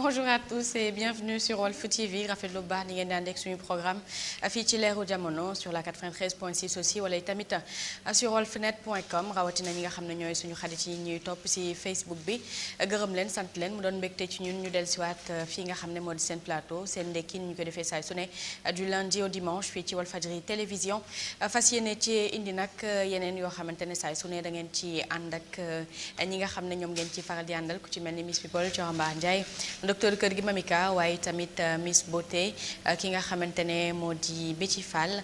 bonjour à tous et bienvenue sur Walf TV rafet lu baax ni ngeen di ànd ak suñu programme fii ci leeru jamono sur la 93.6 aussi euh, rawatina ñi nga xam ne ñooy suñu xarit yi ñuy topp si Facebook bi gërëm leen sant leen mu doon te ci ñun ñu dellusiwaat euh, fii nga xam ne moo di seen plateau seen ndekki ñu ko defee saa su ne euh, du lundi au dimanche fii ci Walfadjri télévision fas yéene ci indi nag yeneen yoo xamante ne saa su ne da ngeen ci ànd ak ñi nga xam ne ñoom ngeen ci faral di àndal ci mel ni Miss People docteur kër gi Mamika waaye tamit euh, Miss Beauté euh, ki nga xamante ne moo di Béti fàll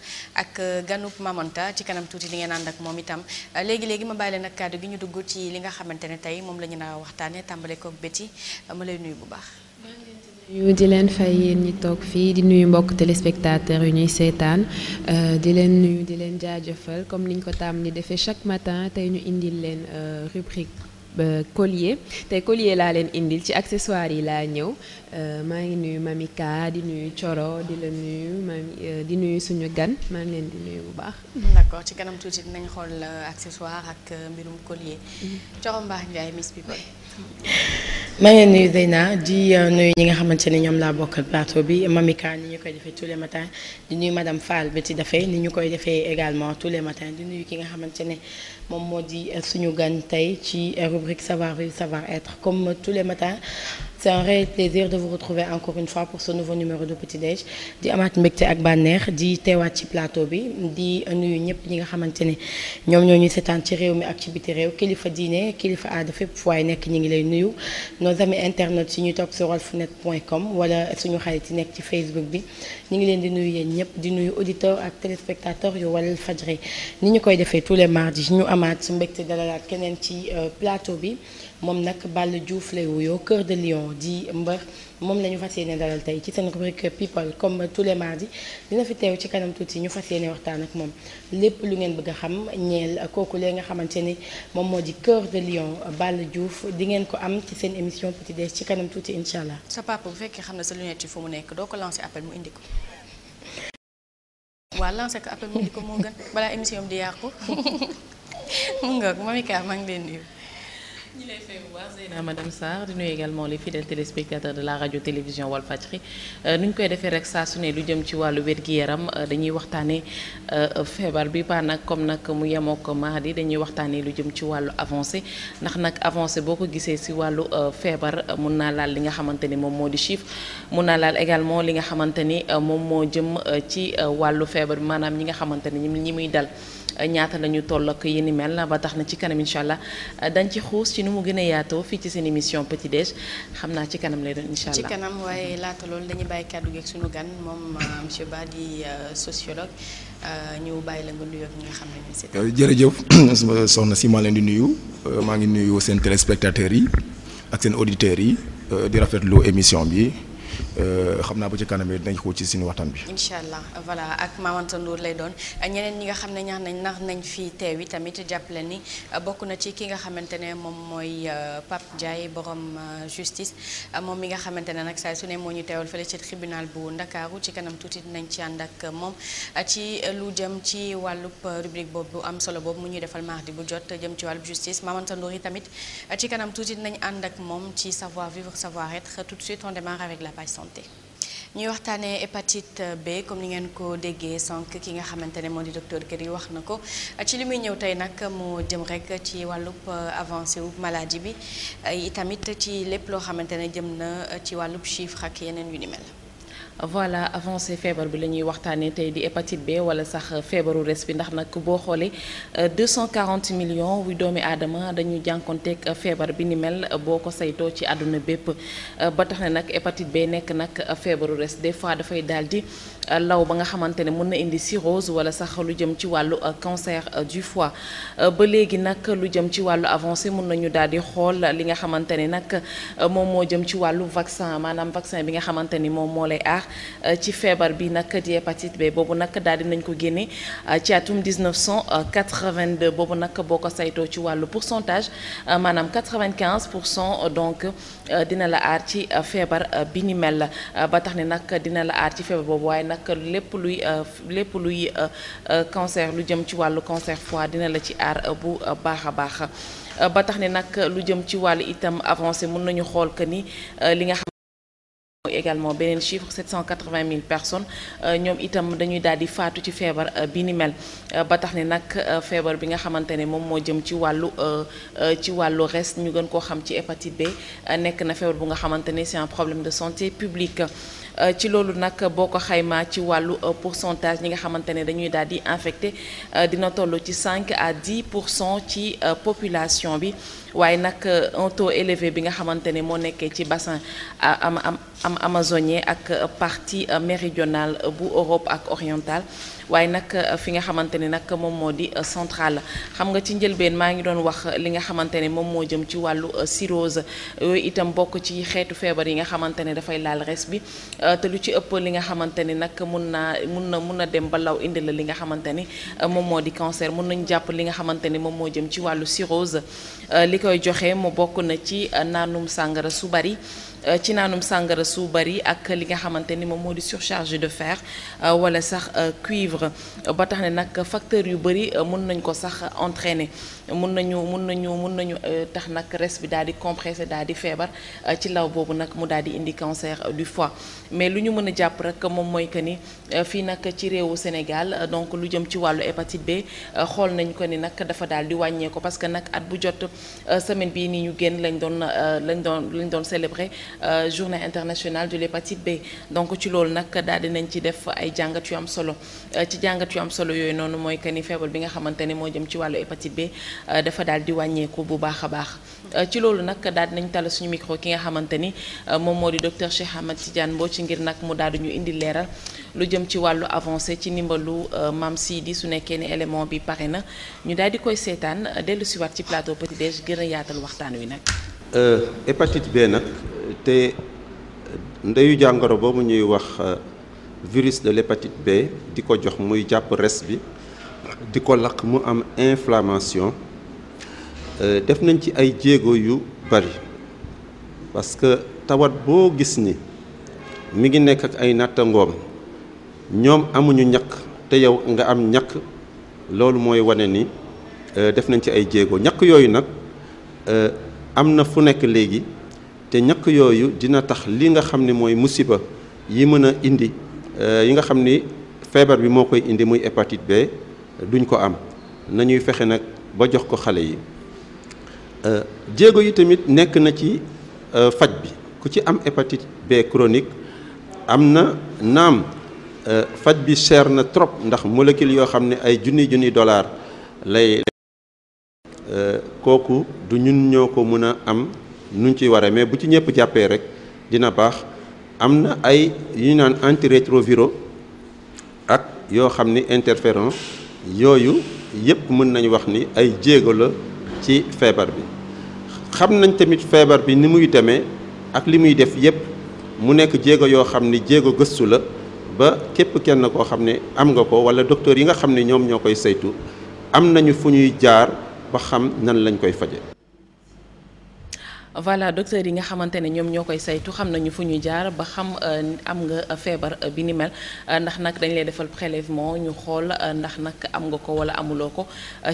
ak euh, ganub Mamonta ci kanam tuuti li ngeen ànd ak moom itam léegi léegi ma bàyyi leen kàddu gi ñu dugg ci li nga xamante ne tey moom la ñu naa waxtaanee tàmbale koog Béti ma lay nuyu bu baax. ñu di leen fay yéen ñi toog fii di nuyu mbokk téléspectateurs yu ñuy seetaan di leen nuyu di leen jaajëfal comme liñ ko tàmm di defee chaque matin tey ñu indil leen rubrique. Euh, collier tey collier laa leen indil ci accessoires yi laa ñëw euh, maa ngi nuyu Mamika di nuyu Coro di la nuyu mami euh, di nuyu suñu gan maa ngi leen di nuyu bu baax. d'accord ci kanam tuuti dinañ xool accessoire ak mbirum collier. Mm-hmm. Coro Mbaax Ndiaye Miss People. maa ngi nuyu Zeyna di nuyu ñi nga xamante ne ñoom laa bokkal plateau bi Mamika ni ñu koy defee tous les matins di nuyu madame Fall bi ci defee ni ñu koy defee également tous les matins di nuyu ki nga xamante ne moom moo di euh, suñu gan tey ci euh, rubrique savoir vivre savoir être comme tous les matins c'est un réel plaisir de vous retrouver encore une fois pour ce nouveau numéro de petit déj di amaat mbégte ak bànneex di teewaat ci plateau bi di nuyu ñëpp ñi nga xamante ne ñoom ñoo ñu seetaan ci réew mi ak ci biti réew kilifa diine kilifa aada fépp fu nekk ñi ngi lay nuyu noo nos amis internautes yi ñuy toog sur walfnet.com wala suñu xarit yi nekk ci Facebook bi ñu ngi leen di nuyu yéen ñëpp di nuyu auditeurs ak téléspectateurs yu Walf Fadjri ni ñu koy defee tous les mardis ñu amaat su mbégte dalalaat keneen ci euh, plateau bi moom nag Balla Diouf lay wuyoo kër de Lion di mbër moom la ñu fas yéene dalal tey ci seen rubrique people comme tous les mardis dina fi teew ci kanam tuuti ñu fas yéene waxtaan ak moom lépp lu ngeen bëgg a xam ñeel kooku lee nga xamante ni moom moo di kër de Lion Balla Diouf di ngeen ko am ci seen émission Petit kanam tuuti incha allah. sa papa bu fekkee na mu nekk doo ko lancer appel waa lancé ko appel mu di ko moo gën balaa émission bi di yàqu mu maa ngi leen nuyu. ñu lay fay bu baax Zeyna madame Sarr di nuyu également les de la radio télévision Walfadjri euh, nu ñu koy defee rek saa su ne lu jëm ci wàllu wér-gi-yaram euh, dañuy waxtaanee euh, feebar bi ba nag comme nag mu yemoo ko mardi dañuy waxtaanee lu jëm ci wàllu avancé ndax nag avancé boo ko gisee si wàllu feebar mun naa laal li nga xamante ni moom moo di chiffre mun naa laal également li nga xamante ni moom moo jëm ci wàllu feebar bi maanaam ñi nga xamante ni ñi muy dal. ñaata la ñu toll ak yi ni mel ba tax na ci kanam incha allah dañ ci xuus ci ni mu gën yaatoo fii ci seen émission petit déj xam naa ci kanam lay doon incha allah. ci kanam waaye laata loolu dañuy bàyyi kàddu gi ak suñu gan moom euh, monsieur Ba di euh, sociologue euh, ñëw bàyyi la nga nuyoo ak ñi nga xam ne ñu seet. jërëjëf soxna si ma leen di nuyu maa ngi nuyu seen téléspectateurs yi ak seen auditeurs yi di rafetlu émission bi. Euh, xam naa bu ci kanamee nañ ko ci suñu waxtaan bi. incha allah voilà ak Mamanta Ndour lay doon ñeneen ñi nga xam ne ñaax nañ nax nañ fi teew yi tamit jàppale ni euh, bokk na ci ki nga xamante ne moom mooy euh, Pape jaay borom justice moom mi nga xamante ne nag saa su ne moo ñu teewal fële ci tribunal bu Ndakaaru ci kanam tuuti nañ ci ànd ak moom ci lu jëm ci wàllub rubrique boobu am solo boobu mu ñuy defal mardi bu jot jëm ci wàllub justice Mamanta Ndour yi tamit ci kanam tuuti dinañ ànd ak moom ci savoir vivre savoir être tout de suite on avec la page Wafaay Santé ñuy waxtaanee hépatite B comme ni ngeen ko déggee sànq ki nga xamante ne moo di docteur kër yi wax na ko ci li muy ñëw tey nag moo jëm rek ci wàllub euh, avancé wu maladie bi itamit ci lépp loo xamante ne jëm na ci wàllub chiffre ak yeneen yu ni mel. voilà avancé feebar bi la ñuy waxtaanee tey di hépatite B wala sax feebaru res bi ndax nag boo xoolee 240 euh, millions wu doomi aadama dañuy jànkonteeg feebar bi ni mel boo ko saytoo ci àdduna bépp euh, ba tax ne nag hépatite B nekk nag feebaru res des fois dafay daal di euh, law ba nga xamante ne mën na indi cirrhose wala sax lu jëm ci wàllu cancer du fois ba léegi nag lu jëm ci wàllu avancé mën nañu daal di xool li nga xamante ne nag moom moo jëm ci wàllu vaccin maanaam vaccin bi nga xamante ni moom moo lay Euh, ci feebar bi nag di hépatite B boobu nag daal di nañ ko génne euh, ci atum 1982 boobu nag boo ko saytoo ci wàllu pourcentage euh, maanaam 95 pour cent donc dina la aar ci feebar bi ni mel ba tax ne nag dina la aar ci feebar boobu waaye nag lépp luy lépp luy cancer lu jëm ci wàllu cancer fois dina la ci aar bu baax a baax ba tax ne nag lu jëm ci wàllu itam avancé mun nañu xool que ni li nga xam également beneen chiffre 780 000 personnes euh, ñoom itam dañuy daal di faatu ci feebar euh, bi ni mel euh, ba tax ne nag feebar bi nga xamante ne moom moo jëm ci wàllu ci wàllu reste ñu gën koo xam ci hépatite B nekk na feebar bu nga xamante ne c'est un problème de santé publique ci loolu nag boo ko xaymaa ci wàllu pourcentage ñi nga xamante ne dañuy daal di infecté dina toll ci 5 à 10 pour cent ci population bi waaye nag euh, un taux élevé bi nga xamante ne moo nekkee ci bassin euh, am am amazonien ak euh, partie méridionale bu Europe ak orientale waaye nag fi nga xamante ne nag moom moo di centrale xam nga ci njëlbeen maa ngi doon wax li nga xamante ne moom moo jëm ci wàllu cirrhose itam bokk ci xeetu feebar yi nga xamante ne dafay laal res bi te lu ci ëpp li nga xamante ni nag mun naa mun na mun na dem ba law indi la li nga xamante ni moom moo di cancer mun nañu jàpp li nga xamante ni moom moo jëm ci wàllu cirrhose li koy joxe mu bokk na ci euh, naanum sàngara su bari euh, ci naanum sàngara su bari ak li nga xamante ni moom moo di surcharge de fer euh, wala sax cuivre ba tax ne nag facteur yu bari mën nañ ko sax entraîner mun nañu mun nañu mun nañu euh, tax nag res bi daal di compressé daal di feebar euh, ci law boobu nag mu daal di indi cancer euh, du fois mais lu ñu mën a jàpp rek moom mooy que ni fii nag ci réewu Sénégal donc lu jëm ci wàllu hépatite B xool nañ ko ni nag dafa daal di wàññeeku parce que nag at bu jot semaine bii nii ñu génn lañ doon lañ doon lañ doon célébrer journée internationale de l'hépatite B donc ci loolu nag daal di nañ ci def ay jàngat yu am solo ci jàngat yu am solo yooyu noonu mooy que ni feebar bi nga xamante ni moo jëm ci wàllu hépatite B Euh, dafa daal di wàññeeku bu baax a baax euh, ci loolu nag daal di nañ tala suñu micro ki nga xamante ni euh, moom moo di docteur Cheikh Ahmed Tidiane Mbodj ci ngir nag mu daal di ñu indi leeral lu jëm ci wàllu avancé ci ndimbalu Mame Sidi su nekkee ni élément bi pare na ñu daal di koy seetaan dellu siwaat ci plateau Petit Déj gën a yaatal waxtaan wi nag hépatite B nag te ndeyu jàngoro boobu ñuy wax virus de l'hépatite B di ko jox muy jàpp res bi di ko lakk mu am inflammation euh, def nañ ci ay jéego yu bari parce que tawat boo gis ni mi ngi nekk ak ay nattangoom ñoom amuñu ñakk te yow nga am ñakk loolu mooy wane ni euh, def nañ ci ay jéego ñakk yooyu nag euh, am na fu nekk léegi te ñakk yooyu dina tax li nga xam ni mooy musiba yi mën a indi yi nga xam ni feebar bi moo koy indi muy hépatite B duñ ko am nañuy fexe nag ba jox ko xale yi euh, jéego yi tamit nekk na ci euh, faj bi ku ci am hépatite B chronique am na naam euh, faj bi cher na trop ndax molécule yoo xam ne ay junni junni dollar lay kooku du ñun ñoo ko mën a am nuñ ci waree mais bu ci ñëpp jàppee rek dina baax am na ay yu ñu naan antirétroviraux ak yoo xam ni interféron yooyu yëpp mën nañu wax ni ay jéego la ci feebar bi xam nañ tamit feebar bi ni muy demee ak li muy def yëpp mu nekk jéego yoo xam ni jéego gëstu la ba képp kenn koo xam ne am nga ko wala docteur yi nga xam ne ñoom ñoo koy saytu am nañu fu ñuy jaar ba xam nan lañ koy faje voilà docteur yi nga xamante ne ñoom ñoo koy saytu xam nañu fu ñu jaar ba xam euh, am nga euh, feebar euh, bi ni mel ndax nag dañ lay defal prélèvement ñu xool ndax nag am nga ko wala amuloo ko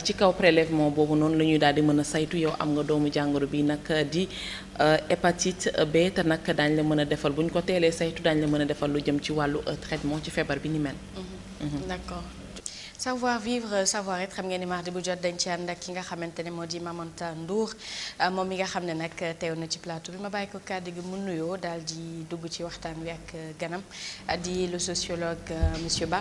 ci kaw prélèvement boobu noonu la ñuy daal di mën a saytu yow am nga doomu jàngoro bi nag di hépatite B te nag daañu la mën a defal bu ko teelee saytu daañu la mën a defal lu jëm ci wàllu traitement ci feebar bi ni mel. Mm-hmm. Mm-hmm. savoir vivre savoir être xam ngeen ni mardi bu jot dañ ci ànd ak ki nga xamante ne moo di Mamanta Ndour euh, moom mi nga xam ne nag teew na ci plateau bi ma bàyyi ko kàddu gi mu nuyoo daal di dugg ci waxtaan wi ak euh, ganam euh, di lu sociologue monsieur Ba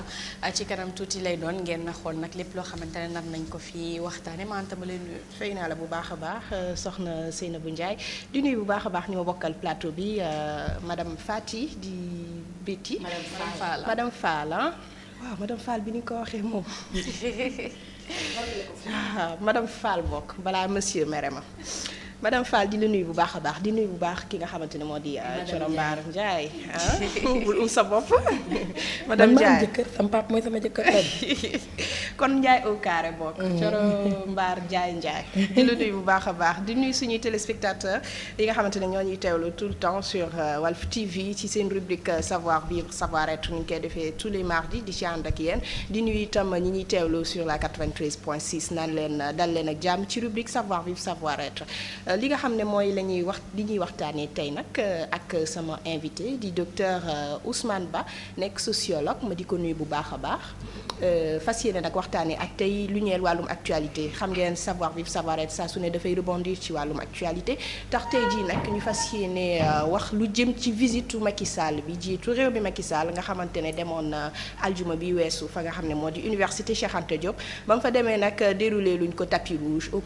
ci kanam tuuti lay doon ngeen na xool nag lépp loo xamante ne nar nañ ko fi waxtaan Mamanta ma lay nuyu. fay naa la bu baax a baax soxna bu Ndiaye di nuy bu baax a baax ñu ma bokkal plateau bi madame Fati di Betty. madame Fala waaw madame Fall bi ni ko waxee moom ah, madame Fall bokk balaa monsieur mere ma madame Fall di la nuy bu baax a baax di nuyu bu baax ki nga xamante ne moo di. Euh, Thioro Mbar Ndiaye ah. bul um sa bopp. madame Ndiaye man jëkkër mooy sama jëkkër kon Ndiaye au carré bokk. Mm-hmm. Thioro Mbar Ndiaye Ndiaye. di bu baax a baax di nuyu suñuy téléspectateurs yi nga xamante ne ñoo ñuy teewlu tout le temps sur euh, Walf TV ci seen rubrique euh, savoir vivre savoir être ñu koy defee tous les mardis di ci ànd ak yéen di nuy itam ñi ñuy teewlu sur la 93.6 naan leen dal leen ak jàmm ci rubrique savoir vivre savoir être. Euh, li nga xam ne mooy la ñuy wax li ñuy waxtaanee tey nag euh, ak sama invité di docteur euh, Ousmane Ba nekk sociologue ma di ko nuyu bu baax a baax fas yéene nag waxtaanee ak tey lu ñeel wàllum actualité xam ngeen savoir vivre savoir être saa su ne dafay rebondir ci wàllum actualité tax tey jii nag ñu fas yéene wax lu jëm ci visitu Macky Sall bi jiitu réew bi Macky Sall nga xamante ne demoon na aljuma bi weesu fa nga xam ne moo di université Cheikh Anta Diop ba mu fa demee nag déroulé luñ ko tapis rouge au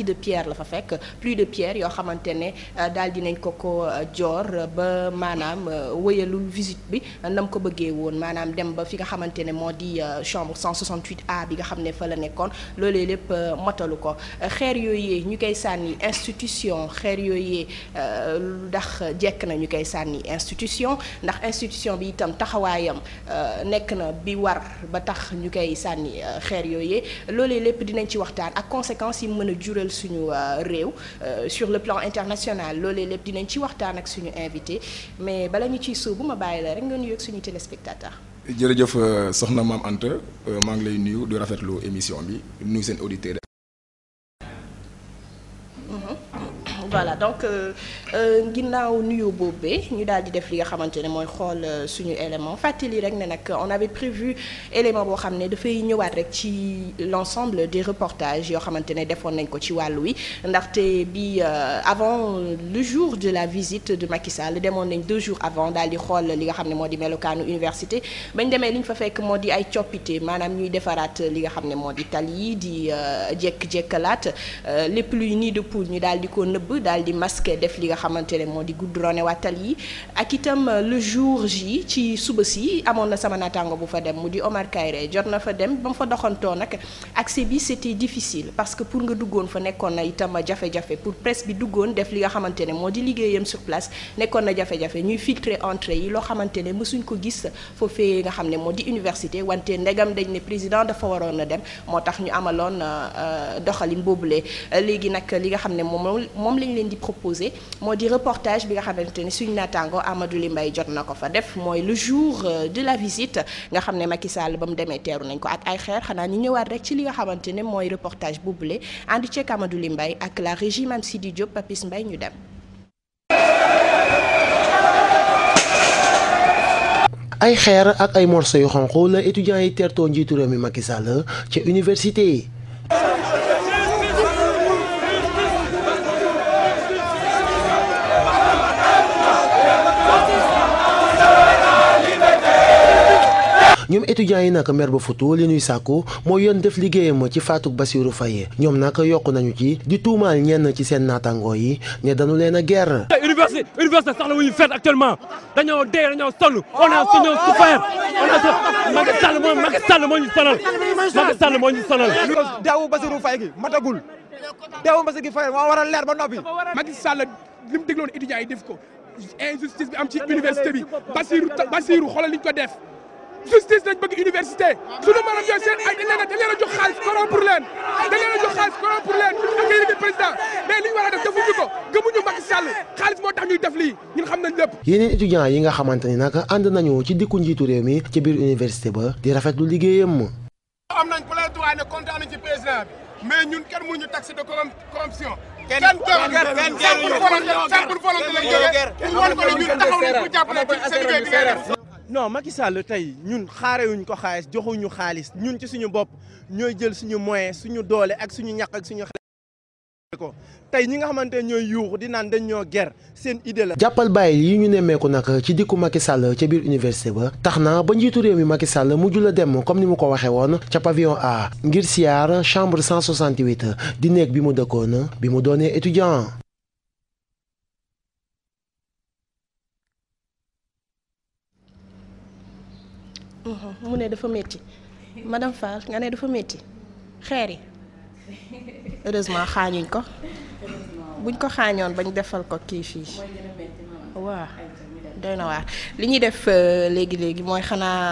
de pierre la fa fekk plus de pierre yoo xamante ne euh, daal nañ ko ko euh, joor euh, ba maanaam wëyalul visite bi nam ko bëggee woon maanaam dem ba fi nga xamante ne moo di chambre 168 A bi nga xam ne fa la nekkoon loolee lépp motalu ko xeer yooyee ñu koy sànni institution xeer yooyee ndax jekk na ñu koy sànni institution ndax institution bi itam taxawaayam nekk na bi war ba tax ñu koy sànni xeer yooyee loolee lépp dinañ ci waxtaan ak conséquences yi mën a jural suñu réew Euh, sur le plan international loolee lépp dinañ ci waxtaan ak suñu invité mais bala ñu ciy sóobu ma bàyyi la rek nga nuyu ak suñu téléspectateur. jërëjëf euh, soxna maam Anta euh, maa ngi lay nuyu du rafetlu émission bi nuyu seen auditeurs voilà donc euh, euh, ginnaaw nuyu boobee ñu daal di def li nga xamante ne mooy xool euh, suñu élément fàttali rek ne nag on avait prévu élément boo xam ne dafay ñëwaat rek ci l'ensemble de reportages yoo xamante ne defoon nañ ko ci wàll wi ndaxte bi avant le jour de la visite de Macky Sall demoon nañ deux jours avant daal di xool li nga xam ne moo di melokaanu université bañ demee li ñu fa fekk moo di ay coppite maanaam ñuy defaraat li nga xam ne moo di tal yi di jekk jekkalaat lépp luy nii de ñu daal di ko daal di masque def li nga xamante moo di goudronné waatal yi ak itam euh, le jour ji ci suba si amoon na sama naataango bu fa dem mu di Omar Kayre jot na fa dem ba mu fa doxantoo nag accès bi c'était difficile que pour nga duggoon fa nekkoon na itam jafe-jafe pour presse bi duggoon def li nga xamante ne moo di liggéeyam sur place nekkoon na jafe-jafe ñuy filtrer entrée yi loo xamante ne mësuñ ko gis foofee nga xam ne moo di université wante ndegam dañ ne président dafa waroon a dem moo tax ñu amaloon euh, euh, doxalin boobule léegi nag li lañ leen di proposé moo di reportage bi nga xamante ni suñu naataango Amadou Limbay jot na ko fa def mooy le jour euh, de la visite nga xam ne Macky Sall ba mu demee teeru nañ ko ak ay xeer xanaa ni ñëwaat rek ci li nga xamante ne mooy reportage boobule ànd ceeg Amadou mbay ak la régie Mame di Diop Papis Mbaye ñu dem. ay xeer ak ay morceaux yu xonq la étudiants yi teertoo njiitu réew mi ca université yi. ñoom étudiants yi nag maire ba Fuuta li ñuy sàkku mooy yoon def liggéeyam ci faatug Bassirou Faye ñoom nag yokk nañu ci di tuumaal ñenn ci seen naatangoo yi ne dañu leen a guerre université université sax la wuñu fête dañoo dee dañoo sonn on a suñu souffert on a sonn Macky Sall moo Macky Sall moo ñu sonal Macky Sall moo ñu sonal daawu Bassirou Faye gi matagul daawu Bassirou Faye moo war a leer ba noppi Macky Sall li mu dégloon étudiants yi def ko ko def justice lañ bëgg université suñu maanaam yooyu seen ay dañ leen jox xaalis corrompre leen dañ leen jox xaalis corrompre leen ak yéen président mais li ñu def defuñu ko gëmuñu Macky Sall xaalis moo tax ñuy def lii ñun xam nañ lépp yeneen étudiants yi nga xamante ni nag ànd nañu ci dikku njiitu réew mi ci biir université ba di rafetlu liggéeyam am ñun kenn mënuñu taxe de corruption kenn kenn volonté la jógee pour war ko ne non Macky Sall tey ñun xaarewuñ ko xaalis joxuñu xaalis ñun ci suñu bopp ñooy jël suñu moyen suñu doole ak suñu ñax ak suñu ko tey ñi nga xamante ne ñooy yuuxu di naan dañ ñoo ger seen idée la. jàppal bàyyi yi ñu nemmeeku nag ci dikku Macky Sall ca biir université ba tax na ba njiitu réew mi Macky Sall mujj la dem comme ni mu ko waxee woon ca pavillon A ngir siyaar chambre 168 di néeg bi mu dëkkoon bi mu doonee étudiant. mu ne dafa métti madam Fall nga ne dafa métti xeer yi heureusement xaañuñ ko buñ ko xaañoon bañ defal ko kii fii waaw doy na waar li ñuy def euh, léegi léegi mooy xanaa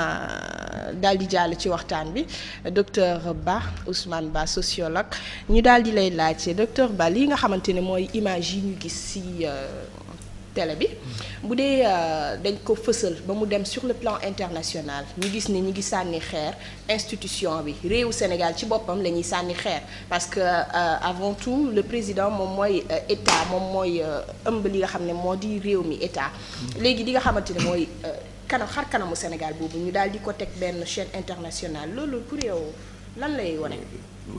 euh, daal di jàll ci waxtaan bi docteur Ba Ousmane Ba sociologue ñu daal di lay laaj docteur Ba lii nga xamante ne mooy image yi ñu gis si. télé bi bu dee euh, dañ ko fësal ba mu dem sur le plan international ñu gis ni ñi ngi sànni xeer institution bi réewu Sénégal ci boppam la sànni xeer parce que euh, avant tout le président moom mooy euh, état moom mooy ëmb li nga xam ne moo di réew mi état léegi li nga xamante ne mooy kanam xar kanamu Sénégal boobu ñu daal di ko teg benn chaîne international loolu pour yow lan lay wane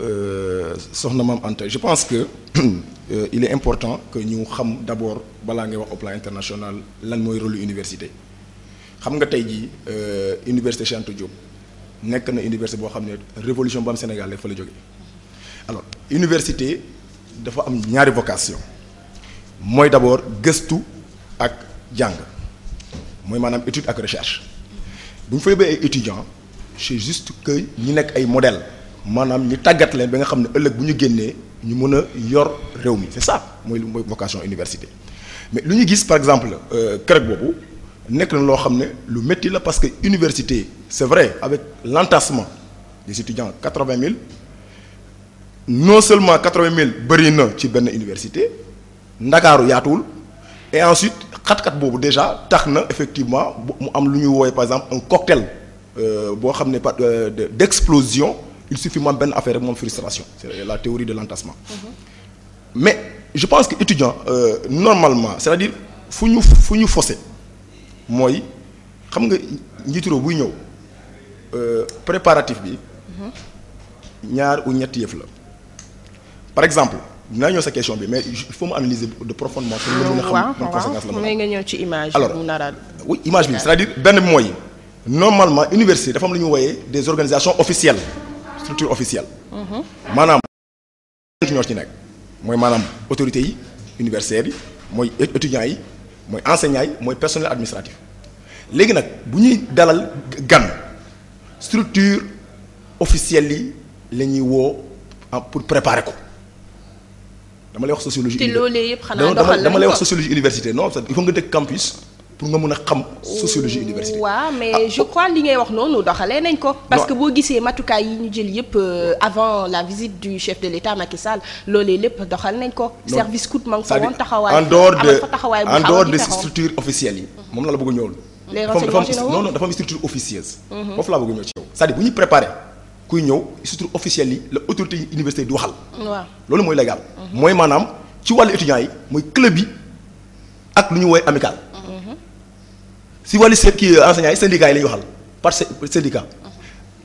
Euh, soxna maam Anta je pense que euh, il est important que ñu xam d'abord balaa ngay wax au plan international lan mooy rôle université xam nga tey jii euh, université Cheikh Anta Diop nekk na université boo xam ne révolution bu am Sénégal rek fa la jógee alors université dafa am ñaari vocation mooy d'abord gëstu ak jàng mooy maanaam étude ak recherche bu ñu fa yóbbee ay étudiants c'est juste que ñi nekk ay modèles maanaam ñu tàggatle bi nga xam ne ëllëg bu ñu génnee ñu mën a yor réew mi c'est ça mooy lu mooy vocation université mais lu ñu gis par exemple CREC euh, boobu nekk na loo xam ne lu métti la parce que université c'est vrai avec l'entassement des étudiants quatre-vingt mille non seulement quatre-vingt mille bëri na ci benn université ndakaaru yaatuwul et ensuite xat-xat boobu déjà tax na effectivement mu am lu ñuy woowee par exemple un cocktail euh, boo xam ne euh, d'explosion il suffit moom benn affaire rek moom frustration la théorie de l'entassement mais je pense que étudiant euh, normalement c'est-à-dire fu ñu fu ñu fose mooy xam nga njiituroo buy ñëw euh, préparatif bi ñaar ou ñetti yëf la par exemple dinaa ñëw sa question bi mais il faut mu analyser de profondément pour nga la nga ñëw ci image alors image bi c'est-à-dire benn bi mooy normalement université dafa am lu ñu wooyee des organisations officielles structure officielle. maanaam ci nekk mooy maanaam autorité yi universitaires yi mooy étudiants yi mooy enseignants yi mooy personnel administratif léegi nag bu ñuy dalal gan structure officielle yi la ñuy woo ah pour préparer ko dama lay wax sociologie. te dama lay wax sociologie université non il faut nga dëkk campus. pour nga mën a xam sociologie université. waaw mais ah, je crois li ngay wax noonu doxalee nañ ko. parce que boo gisee matukaay yi ñu jël yëpp euh, avant la visite du chef de l'État Macky Sall loolee lépp doxal nañ ko. service coûte ma nga fa woon taxawaay. en dehors de en dehors de structures officielles yi. Mm-hmm. moom la la bëgg a ñëwul. les renseignements généraux non non dafa am structure officieuse. Mm-hmm. foofu laa bëgg ñëw ci yow. cest à bu ñu préparé kuy ñëw structure officielle yi la autorité université di waxal. waaw mooy légal. Mm-hmm. mooy maanaam ci wàllu étudiants yi lu ñu woowee amical si wàllu seen kii euh, enseignants yi syndicats yi la ñuy waxal par syndicat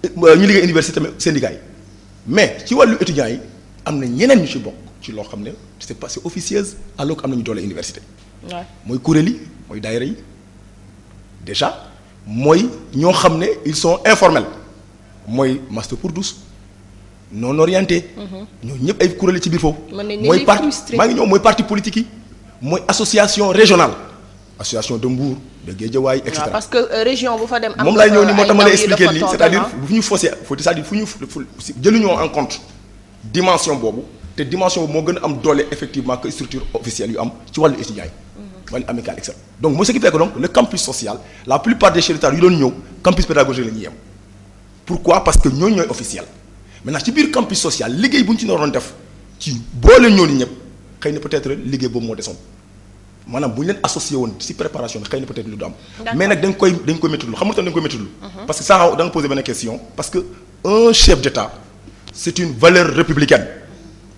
euh, ñu liggéey université tamit syndicats yi mais ci wàllu étudiants yi am na ñeneen ñu ci bokk ci loo xam ne c'est pas c'est officieuse alors que am nañu doole université. waaw mooy kuréel mooy daayira yi déjà mooy ñoo xam ne ils sont informels mooy master pour tous non orienté. Mm-hmm. ñooñu ñëpp ay kuréel ci biir foofu. mooy parti maa ngi ñëw mooy parti politique yi mooy association régional association de Mbour de Guédiawaye et cetera. Euh, région bu fa dem. am moom laay ñëw ni moo tax ma lay expliquer lii c'est-à-dire bu ñu faussé c'est-à-dire fu ñu jëluñoo en compte dimension boobu te dimension boobu moo gën a am doole effectivement que structure officielle yu am ci wàllu étudiants yi. Mhm. wàllu amicale et que donc le campus social la plupart des chefs ñëw campus pédagogique la ñuy pourquoi parce que ñooñu ñooy officiel maintenant ci biir campus social liggéey bu ñu ci naroon def ci boole ñooñu ñëpp xëy na peut-être liggéey boobu moo desoon. maanaam bu ñu leen associé woon ci préparation bi xëy na peut-être lu du am. mais nag dañ koy dañ koy méttiwul xam tamit dañ koy méttiwul. Mhm. parce que sànq da nga posé benn question. parce que un chef d'État c'est une valeur républicaine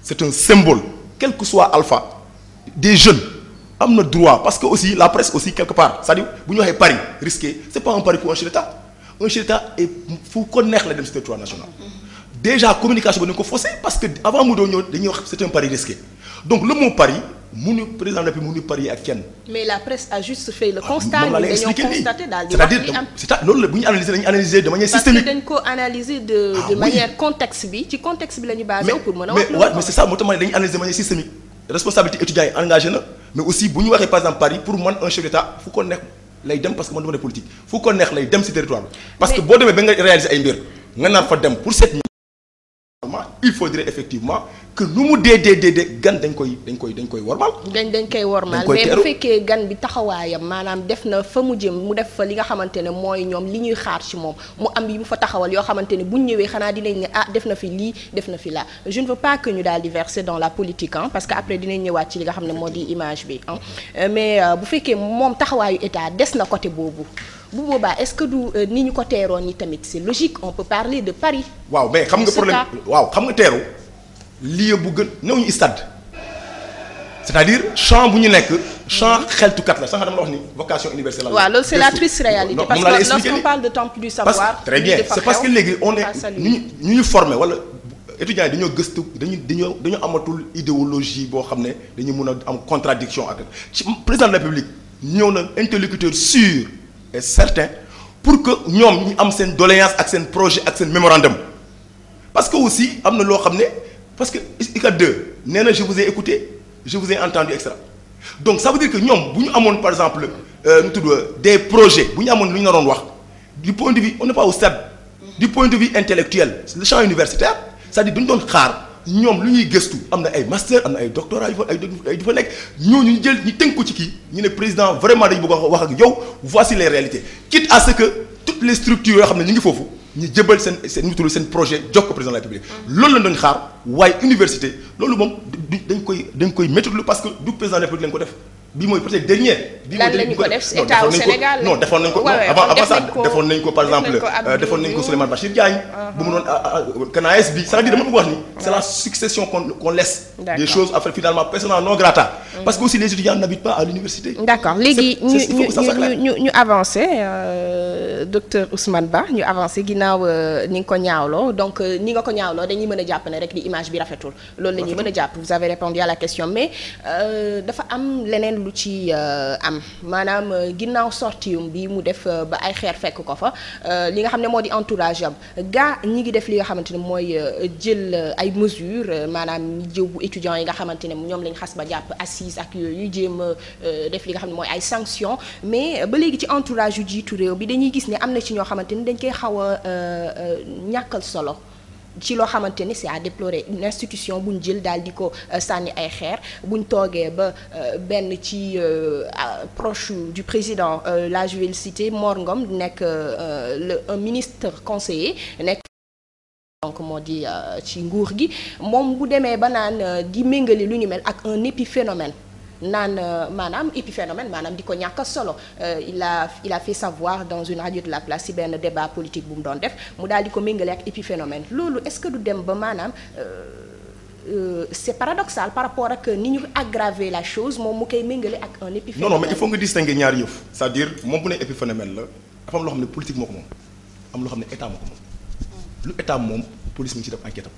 c'est un symbole quel que soit alpha des jeunes am na droit parce que aussi la presse aussi quelque part c'est-à-dire bu ñu waxee pari risqué c'est pas un pari pour un chef d'État un chef d'État et fu ko la dem ci mhm. parce que avant mu doon ñëw dañuy wax c'est un pari risqué pari. mu président de la République munu parier ak kenn. mais la presse a juste fait le ah, constat. moom dañoo constaté daal la bu ñu analyser ah la ñu basé. pour ma ne systémique responsabilité étudiants yi engagé na mais aussi bu ñu waxee par exemple Paris pour man un chef d'État fu ko nekk lay dem parce que man dama politique fu ko neex lay dem si territoire parce que boo demee ba nga réaliser ay mbir nga naan fa dem pour cette il faudrait effectivement que lu mu dee dee dee gan dañ koy dañ koy dañ koy wormal. dañ dañ koy wormal mais bu fekkee gan bi taxawaayam maanaam def na fa mu jëm mu def fa li nga xamante ne mooy ñoom li ñuy xaar ci moom mu am yi mu fa taxawal yoo xamante ne bu ñu ñëwee xanaa dinañ ne ah def na fi lii def na fi laa je ne veux pas ñu daal di verser dans la politique parce que après dinañ ñëwaat ci li nga xam ne moo di image bi euh, mais euh, bu fekkee moom taxawaayu état des na côté boobu. bu boobaa est-ce que du euh, ni ñu ko teeroon ni tamit c'est logique on peut parler de Paris. waaw mais xam nga teeru lieu bu gën newuñu stade c'est-à-dire champ bu ñu nekk champ xeltukat la sax dama la wax ni vocation universelle la. waaw loolu c'est la triste réalité. parce que lorsqu'on parle de temple du savoir. léegi on est ñu ñu ñu formé wala. étudiants yi dañoo gëstu dañu dañoo dañoo amatul idéologie boo xam ne dañu mun a am contradiction ak ci président de la République ñëw na interlocuteur sûr et certains pour que ñoom ñu am seen doléance ak seen projet ak seen mémorandum parce que aussi am na loo xam ne parce que ICAT 2 nee na je vous ai écouté je vous ai entendu et donc ça veut dire que ñoom bu ñu amoon par exemple euh, nu tudd des projets bu ñu amoon lu ñu naroon wax du point de vue on n'est pas au du point de vue intellectuel le champ universitaire c'est-à-dire duñu doon xaar. ñoom lu ñuy gëstu am na ay master am na ay doctorat yu fa ay ay fa nekk ñooñu ñu jël ñu tënk ko ci kii ñu ne président vraiment dañu bëgg ko wax ak yow voici les réalités quitte à ce que toutes les structures yoo xam ne ñu ngi foofu ñu jëbal seen seen mutuelle seen projet jox ko président de la République. Mm. loolu la doon xaar waaye université loolu moom dañ koy dañ koy méttiwul parce que du président la République lañ ko def. bi mooy peut-être dernier. bii lan la ñu ko def état au Sénégal non defoon nañ ko defoon nañ ko par exemple euh, defoon nañ ko Souleymane Bachir Diagne. Uh-huh. bu mu doon CNAS ah, ah, ah, bi c'est-à-dire dama bëgg wax ni. c'est la succession qu'on qu'on laisse. des choses finalement persona non grata. Mm. parce que aussi les étudiants n'habitent pas à l'université. d'accord léegi ñu ñu ñu ñu avancé euh, Ba ñu avancé ginnaaw euh, ni nga ko ñaawloo donc ni nga ko ñaawloo dañuy mën a jàpp ne rek di image bi rafetul. a jàpp vous avez la question mais lu ci euh, am maanaam euh, ginnaaw sortium bi mu def euh, ba ay xeer fekk ko fa li nga xam ne moo di entourage am gaa ñi ngi def li nga xamante ne mooy jël ay mesures maanaam jëw étudiants yi nga xamante ne ñoom lañ xas ba jàpp assise ak yooyu jéem a def li nga xam ne mooy ay sanctions mais ba léegi ci entourage yu jiitu réew bi dañuy gis ne am na ci ñoo xamante ni dañ koy xaw a ñàkkal solo ci loo xamante ni c'est à déplorer une institution buñ jël daal di ko euh, sànni ay xeer buñ toogee ba euh, benn ci euh, proche du président la je vais le citer nekk le un ministre conseiller nekk donc moo di ci nguur gi moom bu demee ba naan di méngale lu ñu mel ak un épiphénomène naan euh, maanaam épiphénomène maanaam di ko ñàkk solo euh, il a il a fait savoir dans une radio de la place si benn débat politique bu mu doon def mu daal di ko méngale ak épiphénomène loolu est-ce que du dem ba maanaam. Euh, euh c'est paradoxal par rapport ak ni ñu aggraver la chose moom mu koy méngale ak un épiphénomène. non non mais il faut nga distinguer ñaari yëf. ne la dafa am loo xam ne politique moo ko moom am loo xam ne état moo ko moom. lu état moom police mi ci def enquête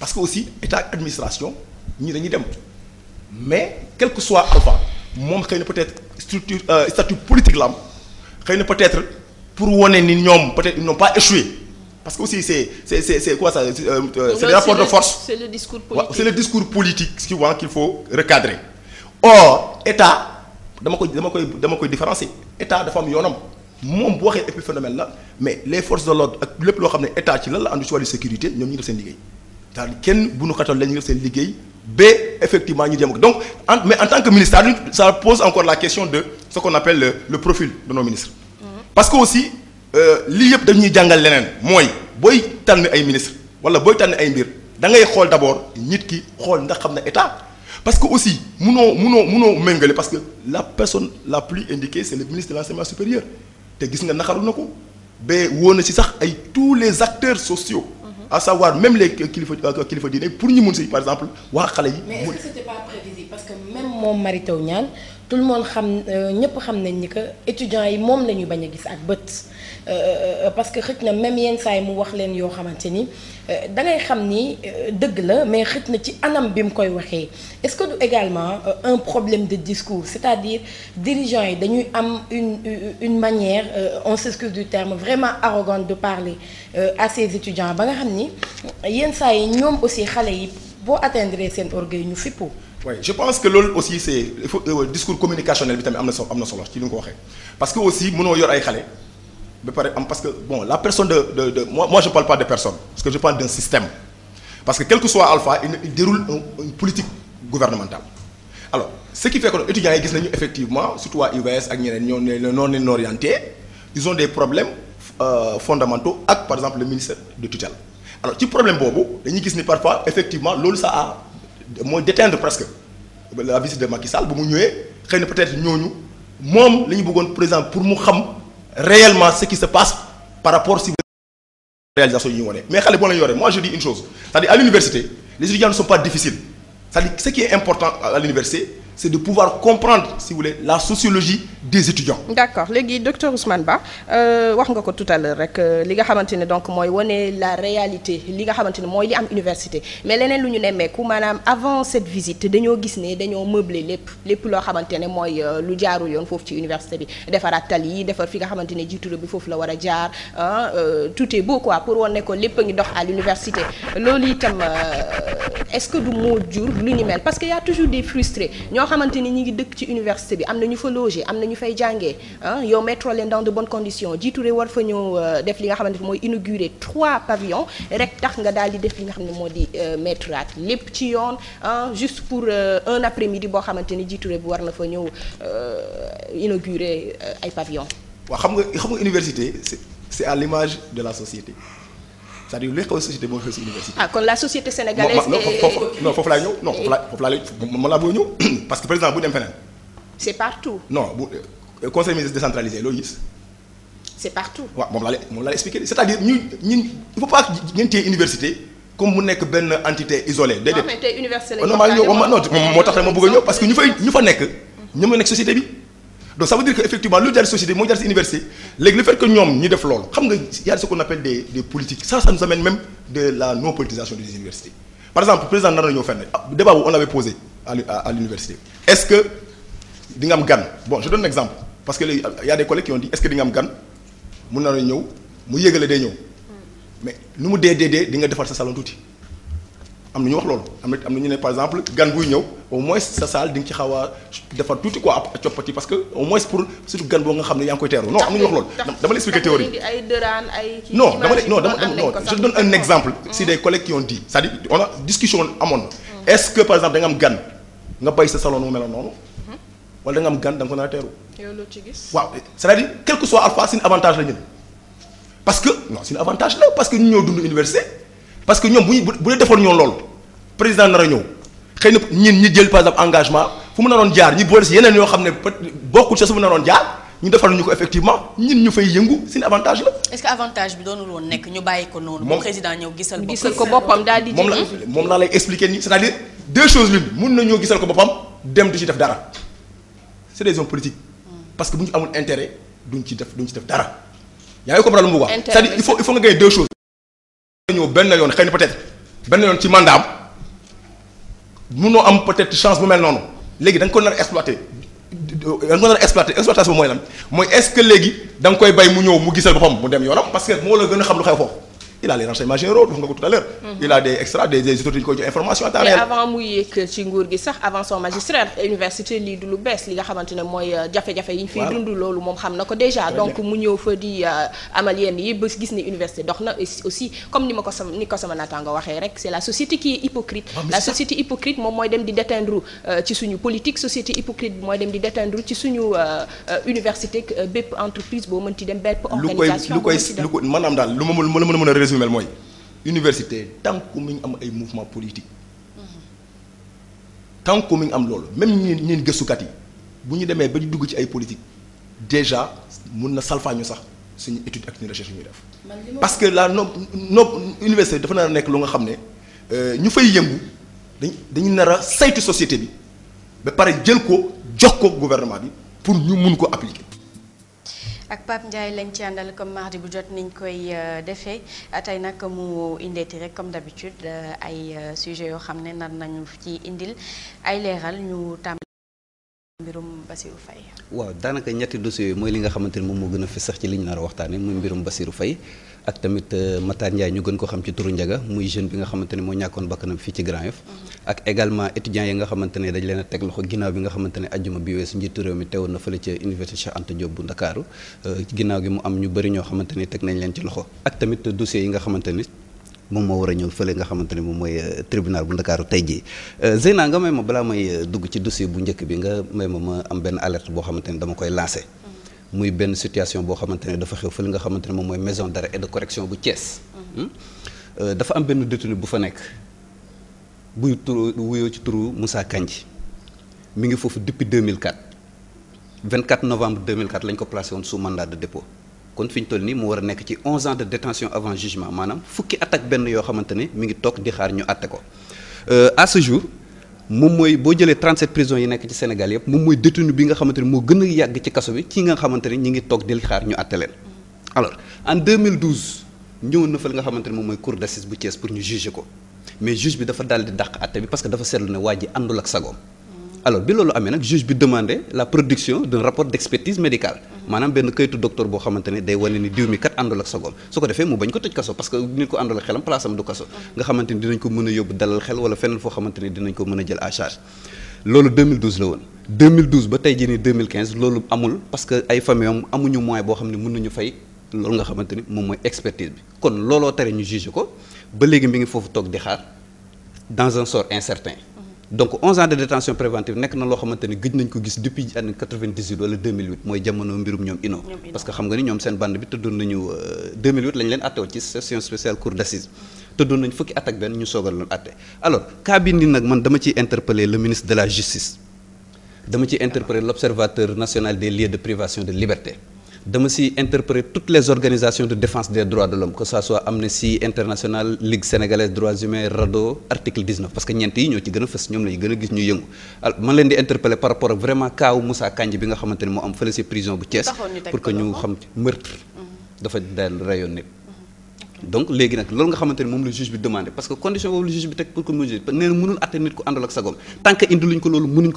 parce que aussi état administration ñii dañuy dem. mais quel que soit Alpha moom xëy na peut-être structure euh, statut politique la am xëy na peut-être pour wane ni ñoom peut-être ils n'ont pas échoué parce que aussi c'est c'est c'est c'est quoi ça c'est euh, euh, des rapports de force c'est le discours politique c'est le discours politique souvent qu'il faut recadrer or état dama koy dama koy dama koy différencier état dafa am yoonam moom bu waxee épiphénomène la mais les forces de l'ordre ak lépp loo xam ne état ci lan la àndu ci wàllu sécurité ñoom ñu def seen liggéey daal kenn bu nu xatal la ñu seen liggéey ba effectivement ñu jëm donc en mais en tant que ministre ça pose encore la question de ce qu'on appelle le, le profil de nos mm-hmm. parce que aussi euh, lii yëpp dañuy jàngal leneen mooy booy tànn ay ministre wala booy tànn ay mbir da ngay xool d'abord nit ki xool ndax xam na état parce que aussi munoo munoo mënoo méngale parce que la personne la plus indiquée c'est le ministre de l'enseignement supérieur te gis nga naxaru na ko ba woo na ci sax ay tous les acteurs sociaux. à savoir même les kilifa euh, kilifa diine pour ñu mun si par exemple waa xale yi. mais est parce que même moom Mary Teuw Niane tout le monde xam euh, ñëpp xam nañ ni que étudiants yi moom la ñu bañ a gis ak bët euh, euh, parce que xëj na même yenn saa yi mu wax leen yoo xamante ni da xam ni dëgg la mais xëj na ci anam bi mu koy waxee est-ce que également un problème de discours c'est-à-dire dirigeants yi dañuy am une une manière on s'excuse du terme vraiment arrogante de parler à ces étudiants ba nga xam ni yenn saa yi ñoom aussi xale yi boo atteindre seen orgueil ñu fippu oui je pense que loolu aussi c' est il faut euh, discours communicationnel bi tamit am na solo ci li nga ko waxee parce que aussi mënoo yor ay xale ba pare am parce que bon la personne de de de moi moi je parle pas de personne parce que je parle d'un système parce que quel que soit Alpha il, il déroule un, politique gouvernementale alors ce qui fait que étudiants yi gis nañu effectivement surtout waa UVS ak ñeneen ñoo ne non orienté ils ont des problèmes euh, fondamentaux ak par le ministère de tutelle alors boobu dañuy gis ni parfois effectivement loolu ça a mooy déteindre presque la visite de Macky Sall bu mu ñëwee xëy na peut-être ñooñu moom la buggoon par président pour mu xam réellement ce qui se passe par rapport si réalisation yi ñu wane mais xale boo yore yoree moi je dis une chose cest à l'université les étudiants sont pas difficiles cest ce qui est important à l'université c'est de pouvoir comprendre si vous la sociologie des étudiants. d'accord léegi docteur Ousmane Ba euh, wax nga ko tout à l'heure rek euh, li nga xamante ne donc mooy wane la réalité li nga xamante ne mooy li am université mais leneen lu ñu nemmeeku maanaam avant cette visite dañoo gis ne dañoo meubler lépp lépp loo xamante ne mooy euh, lu jaarul yoon foofu ci université bi defaraat tali yi defar fi nga xamante ne jiitu bi foofu la war a jaar tout est beau quoi pour wane ne ko lépp ngi dox à l'université loolu a toujours xamante ni ñi ngi dëkk ci université bi am na ñu fa loger am na ñu fay jàngee ah yow mettre leen dans de bon condition jiitu réew war fa ñëw euh, def li nga xamante ne mooy inaugurer trois pavillons rek tax nga daal di def li nga xam ne moo di euh, mettre at lépp ci yoon ah juste pour euh, un après-midi boo xamante ni jiitu réew war na fa ñëw inaugurer ay pavillons. waaw xam nga xam nga université c'est c'est à l'image de la société. c'est-à-dire luy xew société moo xew si université. ah kon la société sénégalaise. foofu laay ñëw non foofu laay foofu laay mën ñëw parce que président bu dem feneen. c'est partout. non bu euh, conseil ministre décentralisé loolu gis. c'est partout. waaw moom laa moom laa lay expliqué c'est-à-dire ñu ñun il faut pas ngeen université comme mu nekk benn entité isolée. déedéet non mais tey université lañu. Oh, moo tax rek ma ñëw parce que ñu fay ñu fa nekk. ñoom ñoo nekk société bi. donc ça veut dire que effectivement lu jar si société moo jar si université léegi le fait que ñoom ñu def loolu xam nga y a ce qu'on appelle des des politiques ça ça nous amène même de la non politisation des universités par exemple président nar na ñëw fenn ah, débat bu on l'avait posé à à l'université est-ce que di nga am gan bon je donne un exemple parce que léegi y a des collègues qui ont dit est-ce que di nga am gan mun na ñëw mu yëgale day ñëw mais nu mu dee dee di nga defar sa salon tuuti. am na ñu wax loolu am na am na ñu ne par exemple gan buy ñëw au moins sa salle di ci xaw defar tuuti quoi ab coppati parce que au pour surtout gan boo nga xam ne yaa ngi koy teeru non am na ñu wax loolu dama la expliquer théorie non dama non dama discussion amoon na est-ce que par exemple da am gan nga bay sa salon mu meloon noonu wala da am gan da ko nar teeru waaw c'est-à-dire quel que soit alpha avantage la ñun parce que non c'est un avantage la parce que ñoom bu ñu bu dee defoon ñoom loolu président nar a ñëw xëy na ñin ñi jël par exemple engagement fu mu naroon jaar ñi boole si yeneen yoo xam ne bokkul sa su mu naroon jaar ñu defal ñu ko effectivement ñin ñu fay yëngu seen avantage la. est-ce que avantage bi nekk ñu bàyyi ko noonu. moom président ñëw gisal boppam gisal ko boppam daal di. moom la moom laa lay expliquer nii c'est-à-dire deux choses l'une mun nañoo gisal ko boppam dem du ci def dara c'est des hommes politiques parce que bu ñu amul intérêt duñ ci def duñ ci def dara yaa c'est-à-dire il faut il ñëw benn yoon xëy na peut-être benn yoon ci mandat am mënoo am peut-être chance bu mel noonu léegi da nga ko a exploité da nga ko nar a exploité exploitation bi mooy lan mooy est-ce léegi da koy bay mu ñëw mu gisal boppam mu dem yoonam parce que moo la gën a xam lu xew foofu. il a les renseignements généraux wax nga ko tout à l'heure mhm. a des extra des des autorités koy information à lu bees li nga xamante ne mooy euh, jafe-jafe yi ñu fiy dund loolu moom xam na ko déjà donc mu ñëw fa di euh, amal yenn yi ba gis ni université dox na aussi comme ni ma ko sama ni ko sama naataango waxee rek c'est la société qui est ah, euh, mooy dem di déteindre ci suñu politique société hypocrite bi dem di déteindre ci suñu université bépp entreprise boo mënti dem bépp organisation lu koy lu a mën a résumel mooy université tant que mi ngi am ay mouvement politique tànk que ngi am loolu même ñun ñun gëstukat yi bu ñu demee ba ñu dugg ci ay politique déjà mun na salfaañu sax suñu étude ak suñu recherche ñuy def. parce que la nopp no université dafa nar a nekk lu nga xam ne euh, ñu fay yëngu dañ dañu nar a saytu société bi ba pare jël ko jox ko gouvernement bi pour ñu mun ko appliquer. ak Pape Ndiaye lañ ci àndal comme mardi bu jot niñ koy euh, defee euh, tey nag mu indeeti rek comme d'habitude euh, ay sujets yoo xam ne nar nañu ci indil ay leeral ñu tàmbali mbirum Bassirou Faye waaw daanaka ñetti dossiers yooyu mooy li nga xamante ne moom moo gën a fës sax ci li ñu nar a waxtaanee muy mbirum Bassirou Faye ak tamit euh, Matar Ndiaye ñu gën ko xam ci turu njaga muy jeune bi nga xamante ne moo ñàkkoon bakkanam fii ci Grand Yoff mm-hmm. ak également étudiants yi nga xamante ne dañ leen a teg loxo ginnaaw nga xamante ne ajjuma bi weesu njiitu réew mi teewoon na fële ca université Cheikh Anta Diop bu Ndakaaru euh, ginnaaw gi mu am ñu bëri ñoo xamante ne teg nañ leen ci loxo ak tamit dossiers yi nga xamante ni moom moo war a ñëw fële nga xamante ne moom mooy euh, tribunal bu ndakaaru tey jii Zeyna nga may ma balaa may dugg ci dossier bu njëkk bi nga may ma ma am benn alerte boo xamante ne dama koy lancé mm-hmm. muy benn situation boo xamante ne dafa xew fële nga xamante ne moom mooy maison d'arrêt et de correction bu Thiès. Euh, dafa am benn détenu bu fa nekk buy turu wuyoo ci turu Moussa Kandji mi ngi foofu depuis 2004 24 novembre 2004 lañ ko placé woon sous mandat de dépôt kon fi ñu toll nii mu war a nekk ci 11 ans de détention avant jugement maanaam fukki at benn yoo xamante ne mi ngi toog di xaar ñu àtte ko euh, à ce jour. moom mooy boo jëlee 37 prisons yi nekk ci Sénégal yëpp moom mooy détenu bi nga xamante ni moo gën a yàgg ci kaso bi ci nga xamante ni ñu ngi toog di xaar ñu àtte leen alors en 2012 ñëwoon fa li nga xamante ni moom mooy cour d'assises bu Thiès pour ñu juger ko mais juge bi dafa daal di dàq àtte bi parce que dafa seetlu ne waa ji àndul ak sagoom alors bi loolu amee nag juge bi demandé la production d'un rapport d'expertise médicale maanaam benn kayitu docteur boo xamante ne day wane ni diw mi kat àndul ak sagoom su ko defee mu bañ ko tëj kaso parce que nit ko àndul ak xelam place am du kaso nga xamante ni dinañ ko mën a yóbbu dalal xel wala feneen foo xamante ni dinañ ko mën a jël à charge loolu la woon ba tey jii nii loolu amul parce que ay famille amuñu moyen boo xam ne mën nañu fay moom mooy expertise kon looloo tere ñu juge ko ba mi ngi foofu toog di xaar dans un sort incertain donc 11 ans de détention préventive nekk na loo xamante ni gëj nañ ko gis depuis année 98 wala 2008 mooy jamono mbirum ñoom Ino. parce que xam nga ni ñoom seen bande bi tëddoon nañu 2008 euh, lañ leen àtteewoon ci session spéciale cour d'assises tëddoon nañ fukki at benn ñu soogal loon àtte alors cas bii nii nag man dama ciy interpeller le ministre de la justice dama ciy interpeller l'observateur national des lieux de privation de liberté. dama si interpréter toutes les organisations de défense des droits de l'homme que ça soit Amnesty International Ligue sénégalaise droits humains RADDHO article parce que ñeent yi ñoo ci gën a fës ñoom lañu gën a gis ñu yëngu man leen di interpeller par rapport ak vraiment kaawu Moussa Kandji bi nga xamante moom la juge bi demandé parce que condition boobu la juge bi teg pour que mu juge nee mënul atte nit ku àndul ak sagom tant que indiluñ ko loolu mënuñ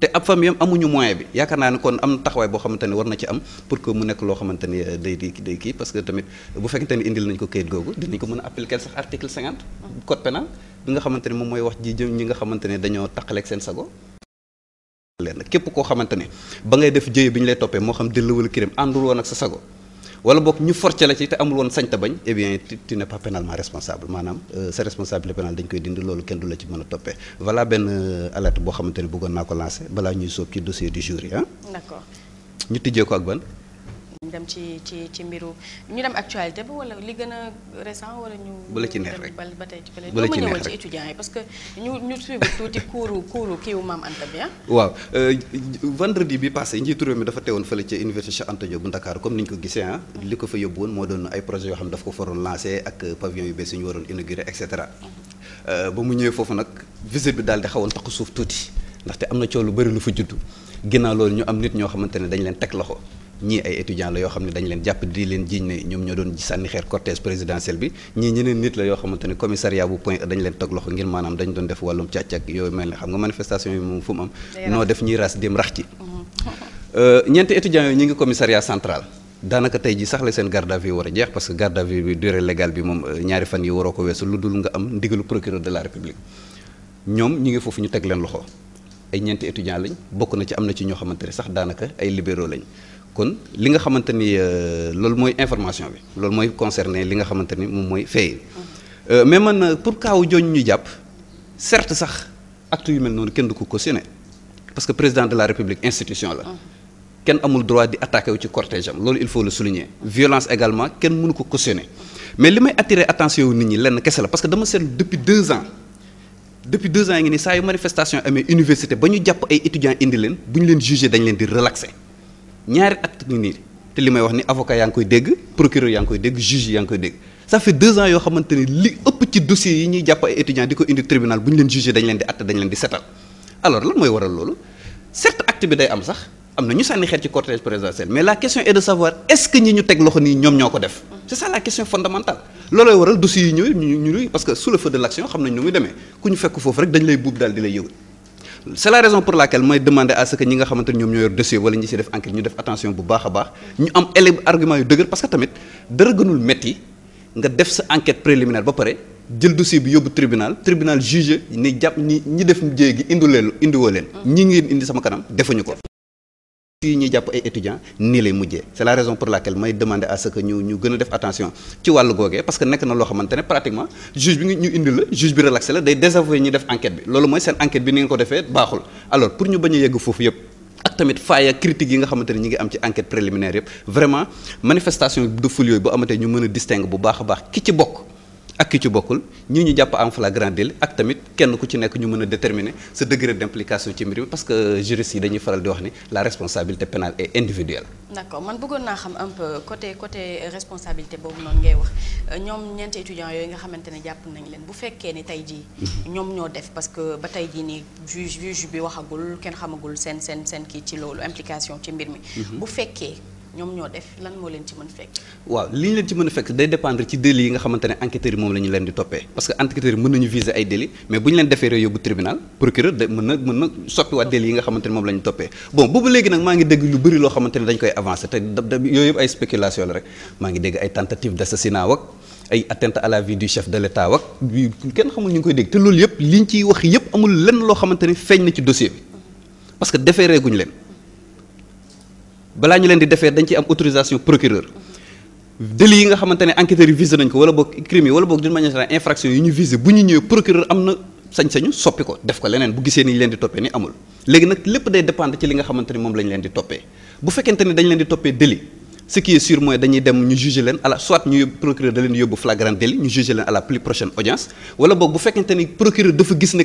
te ab famille amuñu moyen bi yaakaar naa ne kon am taxawaay boo xamante ne war na ci am pour que mu nekk loo xamante ni day di day kii parce que tamit bu fekkente ni indil nañ ko kayit googu dinañ ko mën a appliquer sax article 50 code pénal bi nga xamante ne moom mooy wax ji jëm ñi nga xamante ne dañoo taqaleeg seen sago leen képp koo xamante ne ba ngay def jëye bi ñu lay toppee moo xam dëll wala kirim àndul woon ak sa sago wala boog ñu forcé la ci te amul woon sañ ta bañ eh bien tu n'es pas pénalement responsable maanaam euh, sa responsabilité pénale dañ koy dindi loolu kenn du la ci mën a toppee voilà benn euh, alerte boo xamante ne bëggoon naa ko lancer balaa ñuy sóob ci dossier du jury ah. d'accord ñu tijjee ko ak ban. ñu dem ci ci ci mbiru ñu dem actualité ba wala li gën a récent wala ñu. bu la ci neex rek ba tey ci bële la ci neex rek ñëwal ci étudiants yi parce que ñu ñu suivre tuuti kuuru kuuru kiiwu maam Anta bi ah. waaw euh, vendredi bi passé njiitu réew mi dafa teewoon fële ca université Cheikh Anta Diop bu Ndakaaru comme ni ñu ko gisee ah. Mm-hmm. li ko fa yóbbu woon moo doon ay projets yoo xam ne daf ko faroon lancé ak pavillon yu bees yu ñu waroon inauguré et cetera. Mm-hmm. Euh, ba mu ñëwee foofu nag visite bi daal di xawoon taxu suuf tuuti ndaxte am na coow lu bëri lu fa juddu ginnaaw loolu ñu am nit ñoo xamante ne dañ leen teg loxo ñii ay étudiants la yoo xam ne dañ leen jàpp di leen jiiñ ne ñoom ñoo doon sànni xeer cortège présidentiel bi ñii ñeneen nit la yoo xamante ne commissariat bu point e dañ leen tog loxo ngir maanaam dañ doon def wàllum càcc ak yooyu mel ne xam nga manifestation yi moom fu mu am noo def ñuy ras dem rax ci mm-hmm. euh, ñeenti étudiants yooyu ñi ngi commissaria central daanaka tey ji sax la seen garde à vue war a jeex parce que garde à vue bi durée légale bi moom euh, ñaari fan yi waroo ko weesu dul nga am ndigalu procureur de la république ñoom ñu ngi foofu ñu teg leen loxo ay ñeenti lañ bokk na ci am na ci ñoo xamante ne sax daanaka ay libéraux lañ kon li nga xamante ni euh, loolu mooy information bi loolu mooy concerné li nga xamante ni moom mooy fay euh, mais man euh, pour kaaw jooñ ñu jàpp certes sax acte yu mel noonu kenn du ko cautionné parce que président de la république institution la kenn amul droit di attaqué wu ci cortège am loolu il faut le souligner violence également kenn mënu ko cautionné mais li may attirer attention wu nit ñi lenn kese la parce que dama seetlu depuis deux ans depuis deux ans yi ngi nii saa ba ñu jàpp ay étudiants leen bu ñu leen jugé dañ leen di relaxé ñaari at ngi nii te li may wax ni avocat yaa ngi koy dégg procureur yaa ngi koy dégg juge yaa ngi koy dégg ça fait deux ans yoo xamante ni li ëpp ci dossiers yi ñuy jàpp ay étudiants di ko indi tribunal bu ñu leen jugé dañ leen di atte dañ leen di setal alors lan mooy waral loolu certes acte bi day am sax am na ñu sànni xeet ci cortège présidentiel mais la question est de savoir est-ce que ñi ñu teg loxo nii ñoom ñoo ko def c'est ça la question fondamentale loolooy nañ nu muy demee ku foofu rek dañ lay buub daal c'est la raison pour laquelle mooy demander à ce que ñi nga xamante ni ñoom ñoo yor dossier wala ñi ci def enquête ñu def attention bu baax a baax ñu am élément argument yu dëgër parce que tamit dara gënul metti nga def sa enquête préliminaire ba pare jël dossier bi yóbbu tribunal tribunal jugé ni jàpp ni ñi def jéye gi indilee indiwoo leen ñi ngeen indi sama kanam defuñu ko yi ñuy jàpp ay étudiants nii lay mujjee c'est la raison pour laquelle may demander à ce que ñu ñu gën def attention ci wàllu googee parce que nekk na loo xamante ne pratiquement juge bi ñu indi la juge bi relaxé la day désavouer ñi def enquête bi loolu mooy seen enquête bi ni nga ko defee baaxul alors pour ñu bañ yegg foofu yëpp ak tamit faaya critique yi nga xamante ne ñi ngi am ci enquête préliminaire yëpp vraiment manifestation de yooyu ak ki ci bokkul ñi ñu jàpp en flagrant délit ak tamit kenn ku ci nekk ñu mën a déterminer sa degré d'implication ci mbir mi parce que juristes yi dañuy faral di wax ni la responsabilité pénale est individuelle. d'accord man bëggoon naa xam un peu côté côté responsabilité boobu noonu ngay wax ñoom ñeenti étudiants yooyu nga xamante ne jàpp nañ leen bu fekkee ni tey jii. Mhm. ñoom ñoo def parce que ba tey jii nii juge juge bi waxagul kenn xamagul seen seen seen kii ci loolu implication ci mbir mi. Mhm. bu fekkee. ñoom ñoo def lan moo leen ci mën fekk. waaw li leen ci mën fekk day dépendre ci délits yi nga xamante ne enquêteurs yi moom la leen di toppee parce que enquêteurs yi mën nañu viser ay délits mais bu ñu leen defeeree yóbbu tribunal procureur da mën na mën na soppiwaat délits yi nga xamante moom la toppee bon boobu léegi nag maa ngi dégg lu bëri loo xamante ne dañ koy avancé te yooyu yëpp ay spéculation la rek maa ngi dégg ay tentative d'assassinat ay yëpp liñ ciy wax yëpp amul lenn loo xamante ne feeñ na ci dossier bi parce que leen balaa ñu leen di defee dañ ciy am autorisation procureur délits yi nga xamante ne enquêteurs yi visé nañ ko wala boog crimes yi wala boog d'une manière générale infraction yi ñu visé bu ñu ñëwee procureur am na sañ-sañu soppi ko def ko leneen bu gisee ni leen di toppee ni amul léegi nag lépp day dépendre ci li nga xamante ne moom lañ leen di toppee bu fekkente ni dañ leen di toppee délit ce qui mooy dañuy dem ñu juger leen à la soit ñu procureur da yóbbu flagrant la plus prochaine audience ni procureur dafa gis ne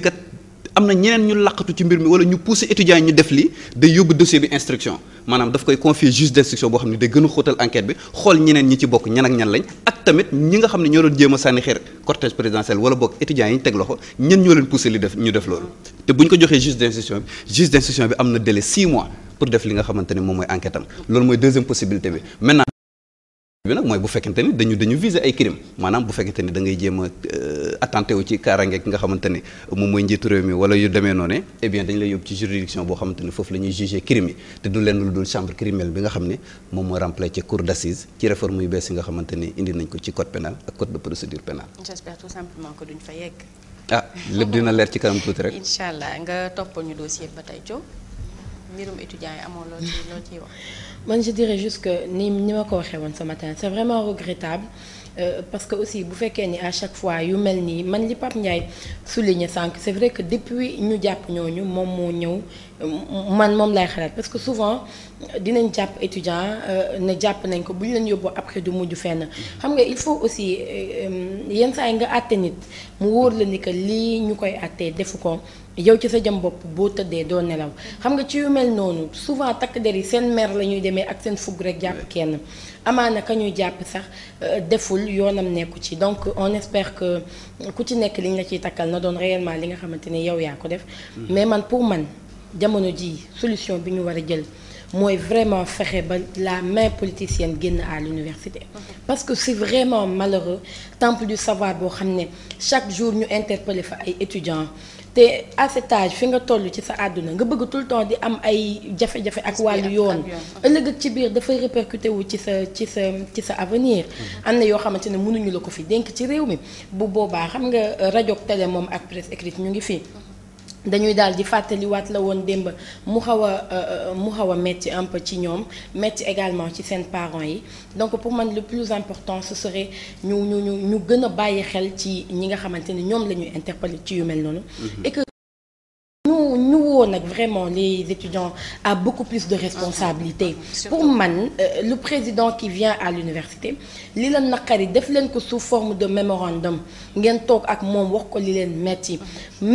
am na ñeneen ñu laqatu ci mbir mi wala ñu pousser étudiants yi ñu def li day yóbbu dossier bi instruction maanaam daf koy confier juge d'instruction boo xam ne day gën a xóotal enquête bi xool ñeneen ñi ci bokk ñan ak ñan lañ ak tamit ñi nga xam ne ñoo doon jéem a sànni xeer cortège présidentiel wala bokk étudiants yi ñu teg loxo ñen ñoo leen pousser li def ñu def loolu te bu ñu ko joxee juge d'instruction bi juge d'instruction bi am na délai 6 mois pour def li nga xamante ne moom mooy enquête am loolu bi nag mooy bu fekkente ni dañu dañu viser ay crime maanaam bu fekkente ni da ngay jéem euh, ci kaaraange nga xamante moom mooy njiitu réew mi wala yu demee noonu eh bien lay yóbbu ci juridiction boo xamante foofu la ñuy jugé yi te du leen lu dul chambre criminelle bi nga xam ne moom moo remplacé cour d'assises ci réforme yu bees yi nga xamante indi nañ ko ci code pénal ak code procédure pénale. man je dirais juste que ni ni ma ko waxee woon ce matin c'est vraiment regrettable euh, parce que aussi bu fekkee ni à chaque fois yu mel nii man li Pape Ndiaye souligné sànq c'est vrai que depuis ñu jàpp ñooñu moom moo ñëw man moom lay xalaat parce que souvent dinañ jàpp étudiant euh, ne jàpp nañ ko bu ñu leen yóbboo après du mujj fenn xam nga il faut aussi euh, yenn saa yi nga àtte nit mu wóor la ni que lii ñu koy àttee defu ko. yow ci sa jëm bopp boo tëddee doo nelaw xam nga ci yu mel noonu souvent takk der yi seen mer la ñuy demee ak seen fugg rek jàpp kenn amaana ka ñuy jàpp sax euh, deful yoonam nekku ci donc on espère que ku ci nekk liñ la ciy takkal na doon réellement li nga xamante ne yow yaa ko def mm. mais man pour man jamono ji solution bi ñu war a jël mooy vraiment fexe ba la main politicienne génn à l'université parce que c'est vraiment malheureux temple du savoir boo xam ne chaque jour ñu interpellé fa ay étudiants te à fi nga toll ci sa àdduna nga bëgg tout temps di am ay jafe-jafe ak wàllu yoon ëllëg ak ci biir dafay répercuté wu ci sa ci sa ci sa avenir mm-hmm. am na yoo xamante ne mënuñu la ko fi dénk ci réew mi bu boobaa xam nga euh, rajo télé moom ak presse écrite ñu ngi fii mm-hmm. dañuy daal di fàttaliwaat la woon démb mu xaw a euh, euh, mu xaw a métti un ci ñoom métti également ci seen parents yi donc pour man le plus important ce serait ñu ñu ñu ñu gën a bàyyi xel ci ñi nga xamante ni ñoom la ñuy interpeller ci yu mel noonu. Mm-hmm. ñu woon nag vraiment les étudiants à beaucoup plus de responsabilité ah, pour man euh, le président qui vient à l'université li la naqari def leen ko sous forme de mémorandum ngeen toog ak moom wax ko li leen metti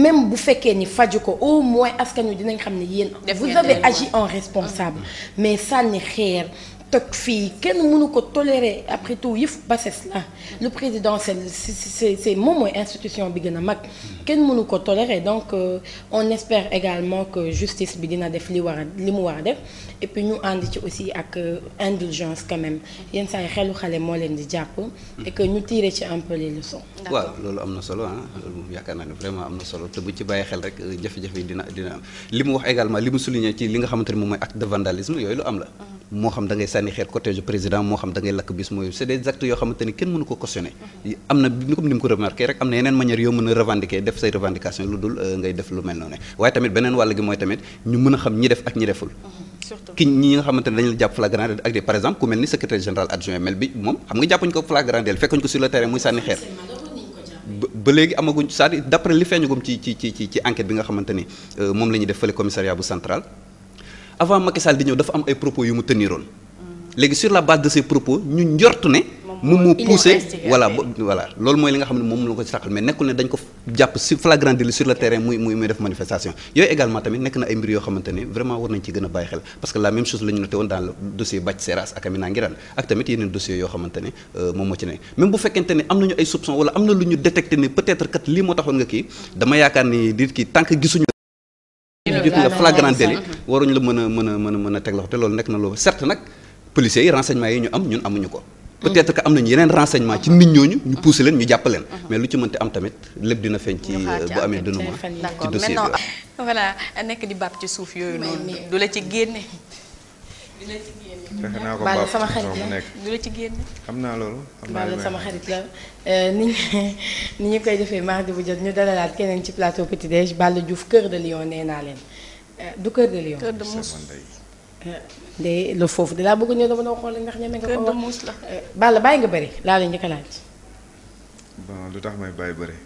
même bu fekkee ni faju ko au moins askan wi dinañ xam ne yéen vous avez agi en responsable ah. mais sànni xeer toog fii kenn mënu ko tolérer après tout yëf bassesse la le président c'est c'est c'est moom mooy institution bi gën a mag kenn mënu ko tolérer donc euh, on espère également que justice bi dina def li war a li mu war a def et puis ñu ànd ci aussi ak euh, indulgence quand yenn saa yi xelu xale moo leen di jàpp et que ci un peu les waaw loolu am na solo ah loolu moom yaakaar naa ne vraiment am na solo te bu ci bàyyi xel rek euh, jafe-jafe yi dina dina am li mu wax également li mu souligner ci li nga xamante ne moom mooy acte de vandalisme yooyu sànni xeer cortège président moo xam da ngay lakk bis mooy c'est des actes yoo xamante ni kenn mënu ko cautionner am na ni comme ni mu ko remarqué rek am na yeneen manière yoo mën a revendiquer def say revendication lu dul euh, ngay def lu mel noonu waaye tamit beneen wàll gi mooy tamit ñu mën a xam ñi def ak ñi deful mm-hmm. ki ñi nga xamante dañu la jàpp flagrant délit ak des par exemple ku mel ni secrétaire général adjoint mel bi moom xam nga jàppuñu ko flagrant délit li feeñagum ci ci ci ci enquête bi nga xamante euh, moom la ñuy def fële commissariat bu central avant Macky Sall di ay propos yu léegi sur la base de ces propos ñu njort ne moom moo poussé voilà voilà loolu mooy li nga xam ne moom la ko ci taxal mais nekkul ne dañ ko jàpp sur flagrant terrain muy muy def manifestation yooyu également tamit nekk na ay mbir yoo xamante ne vraiment war nañ ci gën a bàyyi xel parce que la même chose la ñu noté woon dans le dossier Bathie Seras ak Amina Ngirane ak tamit yeneen dossiers yoo xamante euh, moom moo ci ne même bu fekkente ne am na ñu détecté ne peut la mën a mën a mën a mën a teg loxo loolu nekk na loolu certes nag policiers yi renseignement yi ñu am ñun amuñu ko. peut-être que am nañu yeneen renseignement ci nit ñooñu ñu poussé leen ñu jàpp leen. mais lu ci mënti am tamit lépp dina feeñ ci bu amee dunuma ci dossier bi nekk di bàpp ci suuf yooyu noonu du la ci génne. du la ci génne fexe naa ko bàpp sama xarit la ci génne. xam naa loolu xam naa loolu sama euh, ni ni ñu koy defee mardi bu jot ñu dalalaat keneen ci plateau Petit Déj Balla Diouf Cœur de Lion nee naa leen euh, du Cœur de Lion. de la foofu de laa bëgg ñëw dama doon xool ndax ñeme nga ko wax eh, Balla bàyyi nga bëri laa la njëkk laaj. bon lu tax may bàyyi bëri.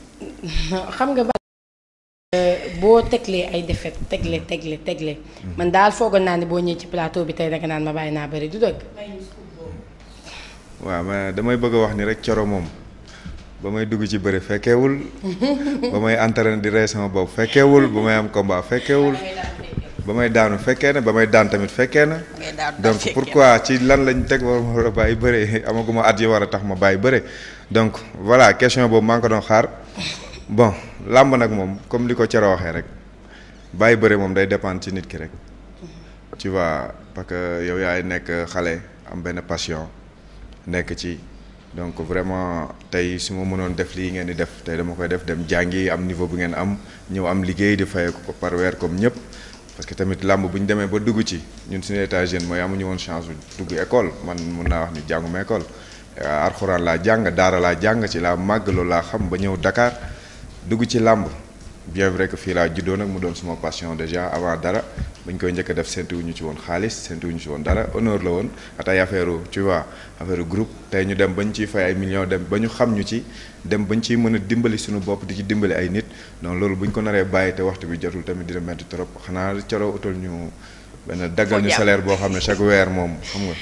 xam nga eh, boo teglee ay defet tegle tegle tegle hmm. man daal foogoon naa ne boo ñëwee ci plateau bi tey danga naan ma bàyyi naa bëri du dëgg. waaw mais damay bëgg a wax ni rek coro moom ba may dugg ci bëri fekkewul ba may entraîné di rey sama bopp fekkeewul ba may am combat fekkewul ba may daanu fekkee na ba may daan tamit fekkee na. donc quoi ci lan lañ teg war ma war a bàyyi bëre amaguma at yi war a tax ma bàyyi bëre donc voilà question boobu maa ngi ko doon xaar bon làmb nag moom comme li ko Coro waxee rek bàyyi bëre moom day dépendre ci nit ki rek. Mhm. tu vois parce que yow yaay nekk xale am benn passion nekk ci. donc vraiment tey su ma mënoon def lii ngeen di def tey dama koy def dem jàngi am niveau bu ngeen am ñëw am liggéey di fayeeku ko par weer comme ñëpp parce que tamit làmb bu ñu demee ba dugg ci ñun suñu état jeune mooy amuñu woon chance dugg école man mun naa wax ni jànguma école euh, alxuraan laa jàng daara laa jàng ci laa màgg loolu laa xam ba ñëw dakaar dugg ci làmb bien vrai que fii laa juddoo nag mu doon suma passion déjà avant dara bañ koy njëkk a def séntuwuñu ci woon xaalis séntuwuñu ci woon dara honneur la woon at ay affaire tu vois affaire groupe tey ñu dem bañ ciy fay ay millions dem ba ñu xam ñu ci dem ba ciy mën a dimbali suñu bopp di ci dimbali ay nit donc loolu buñ ko naree bàyyi te waxtu bi jotul tamit dina métti trop xanaa coro utal ñu benn daggal ñu salaire boo xam ne chaque weer moom xam nga.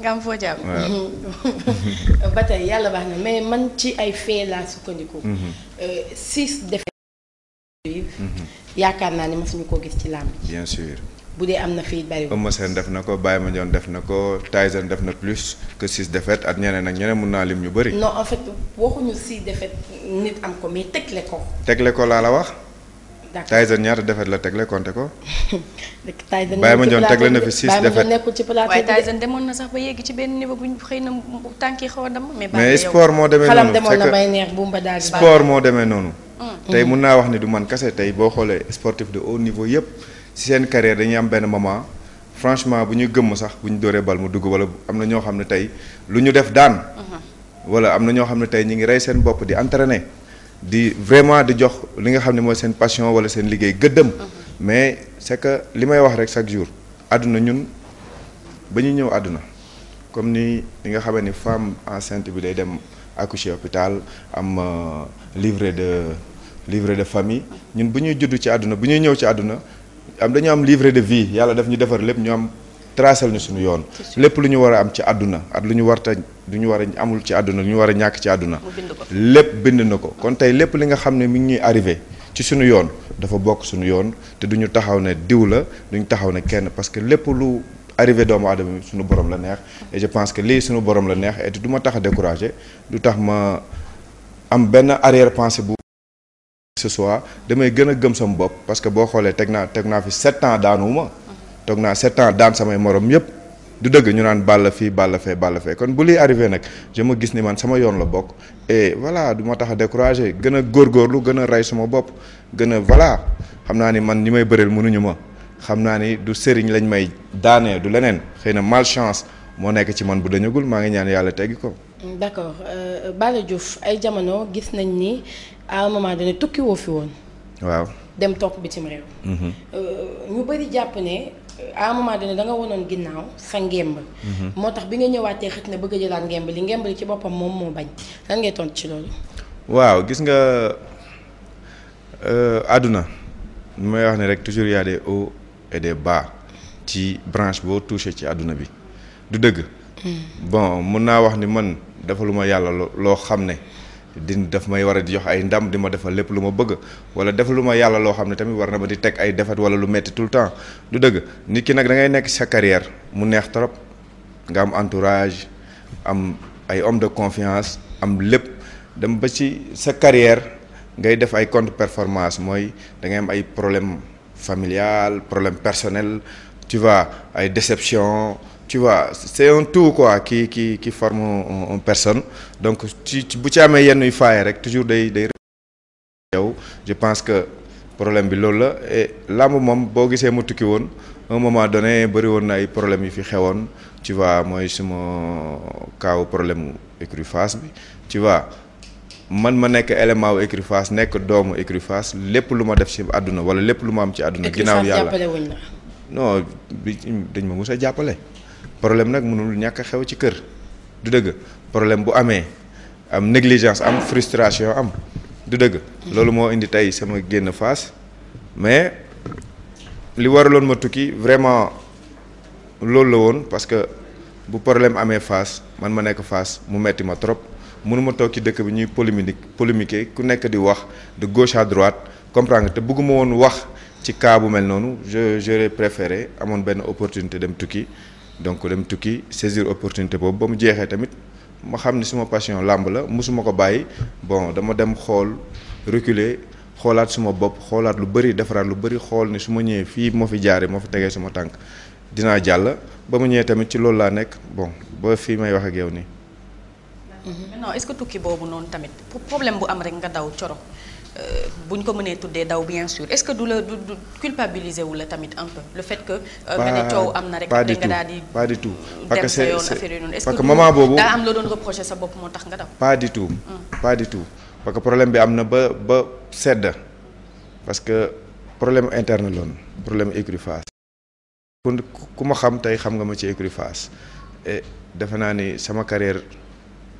nga am foo jàpp. ba tey yàlla baax na mais man ci Mm-hmm. yaakaar naa ni masuñu ko gis ci làmb bien suir bu dee am na fii bari Eumeu Sène def na ko ma joon def na ko Tyson def na plus que six défaites ak ñeneen ak ñeneen mun naa lim ñu bëri non en fait waxuñu six défaites nit am ko mais tegle ko tegle ko laa la wax Tyson ñaata defet la tegle compté ko. Tyson ma joon tegle na fi six défaite nekkul ci plateau waaye demoon na sax ba yegg ci benn niveau bu xëy na tànk yi xaw a dem mais sport moo demee noonu xalam demoon na bay moo demee noonu tey mm-hmm. mun naa wax ne du man kese tey boo xoolee sportif de haut niveau yëpp si seen carrière dañuy am benn moment franchement bu ñu gëmm sax bu ñu dooree bal mu dugg wala am na ñoo xam ne tey lu ñu def daan. Mm-hmm. wala am na ñoo xam ne tey ñu ngi rey seen bopp di entraîner di vraiment di jox li nga xam ne mooy seen passion wala seen liggéey gëddëm. Mm-hmm. mais c'est que li may wax rek chaque jour àdduna ñun ba ñu ñëw àdduna comme ni li nga ni ne en enceinte bi day dem accoucher hôpital am euh, livret de. livret de famille ñun bu ñuy judd ci àdduna bu ñuy ñëw ci àdduna am dañu am livret de vie yàlla def ñu defar lépp ñu am tracer ñu suñu yoon lépp lu ñu war a am ci àdduna at lu ñu warta lu ñu war a amul ci àdduna lu ñu war a ñàkk ci àdduna lépp bind na ko kon tey lépp li nga xam ne mi ngi ñuy arriver ci suñu yoon dafa bokk suñu yoon te du ñu taxaw ne diw la ñu taxaw ne kenn parce que lépp lu arrivé doomu aadama bi suñu borom la neex et je pense que lii suñu borom la neex du ma tax a découragé du tax ma am benn arrière pensée bu ce soit damay gën a gëm sama bopp parce que boo xoolee teg naa teg naa fi sept ans daanuwuma toog naa sept ans daan samay morom yëpp du dëgg ñu naan bàll fii bàll fee bàll fee kon bu liy arrivé nag je ma gis ni man sama yoon la bokk et voilà du ma tax a découragé gën a góorgóorlu gën a rey sama bopp gën a xam naa ni man ñi may bareel mënuñu ma xam naa ni du sëriñ lañ may daanee du leneen xëy na malchance moo nekk ci man bu dañagul maa ngi ñaan yàlla teggi ko. à un moment donné woo fi woon. waaw dem topp bitim réew. Mm-hmm. Euh, ñu bari jàpp ne euh, à un moment donné da nga wonoon ginnaaw sa ngemb. Mm-hmm. moo tax bi nga ñëwaatee xëcc na bëgg jëlaat ngemb li ngemb li ci boppam moom moo bañ lan ngay tontu ci loolu. waaw gis nga euh, àdduna nu may wax ne rek toujours y a des hauts et des ci branche boo touché ci àdduna bi du dëgg. Mm. bon mun naa wax ni man dafa yàlla loo xam ne. di daf may war a di jox ay ndam di ma defal lépp lu ma bëgg wala def lu ma yàlla loo xam ne tamit war na ma di teg ay defet wala lu metti tout le temps du dëgg nit ki nag da ngay nekk sa carrière mu neex trop nga am entourage am ay homme de confiance am lépp dem ba si sa carrière ngay def ay contre performance mooy da ngay am ay problème familial problème personnel tu ay déception tu vois c'est un tout quoi qui qui qui forme une personne donc ci bu ci amee yenn yu faaye rek toujours day day yow je pense que problème bi loolu la et moom boo gisee mu tukki woon un moment donné bëri woon na ay problème yu fi xewoon tu vois mooy suma kaaw problème écurie Fass bi tu vois man ma nekk élément wu nekk doomu écurie lépp lu ma def ci àdduna wala lépp lu ma am ci àdduna ginnaaw yàlla non dañ ma mus jàppale problème nag mënul ñàkk xew ci kër du dëgg problème bu amee am négligence am frustration am du dëgg loolu moo indi tey sama génn face mais li waraloon ma tukki vraiment loolu la woon parce que bu problème amee face man ma nekk fas mu metti ma trop mënuma toog ci dëkk bi ñuy polémique polémiquer ku nekk di wax de gauche à droite comprendre nga te bëgguma woon wax ci cas bu mel noonu je j'aurais préféré amoon benn opportunité dem tukki donc dem tukki saisir opportunité boobu ba mu jeexee tamit ma xam ni suma passion làmb la mosuma ko bàyyi bon dama dem xool reculer xoolaat suma bopp xoolaat lu bëri defaraat lu bari xool ni su ma ñëwee fii moo fi jaaree moo fi tegee suma tànk dinaa jàll ba mu ñëwee tamit ci loolu laa nekk bon ba fii may waxee ak yow nii. non ce que tukki boobu noonu tamit problème bu am rek nga daw coro Euh, bu ñu ko mënee tuddee daw bien sûr est-ce que du la du du culpabiliser tamit un peu le fait que. Euh, nga ne coow am na rek. pas du tout pas du tout. parce que c'est parce que moment boobu daa am la doon reprocher sa bopp moo tax nga daw. pas du tout. Mm. pas du tout parce que problème bi am na ba ba sedd parce que problème interne loon problème écurie ku ma xam tey xam nga ma ci écurie Fass defe naa ni sama carrière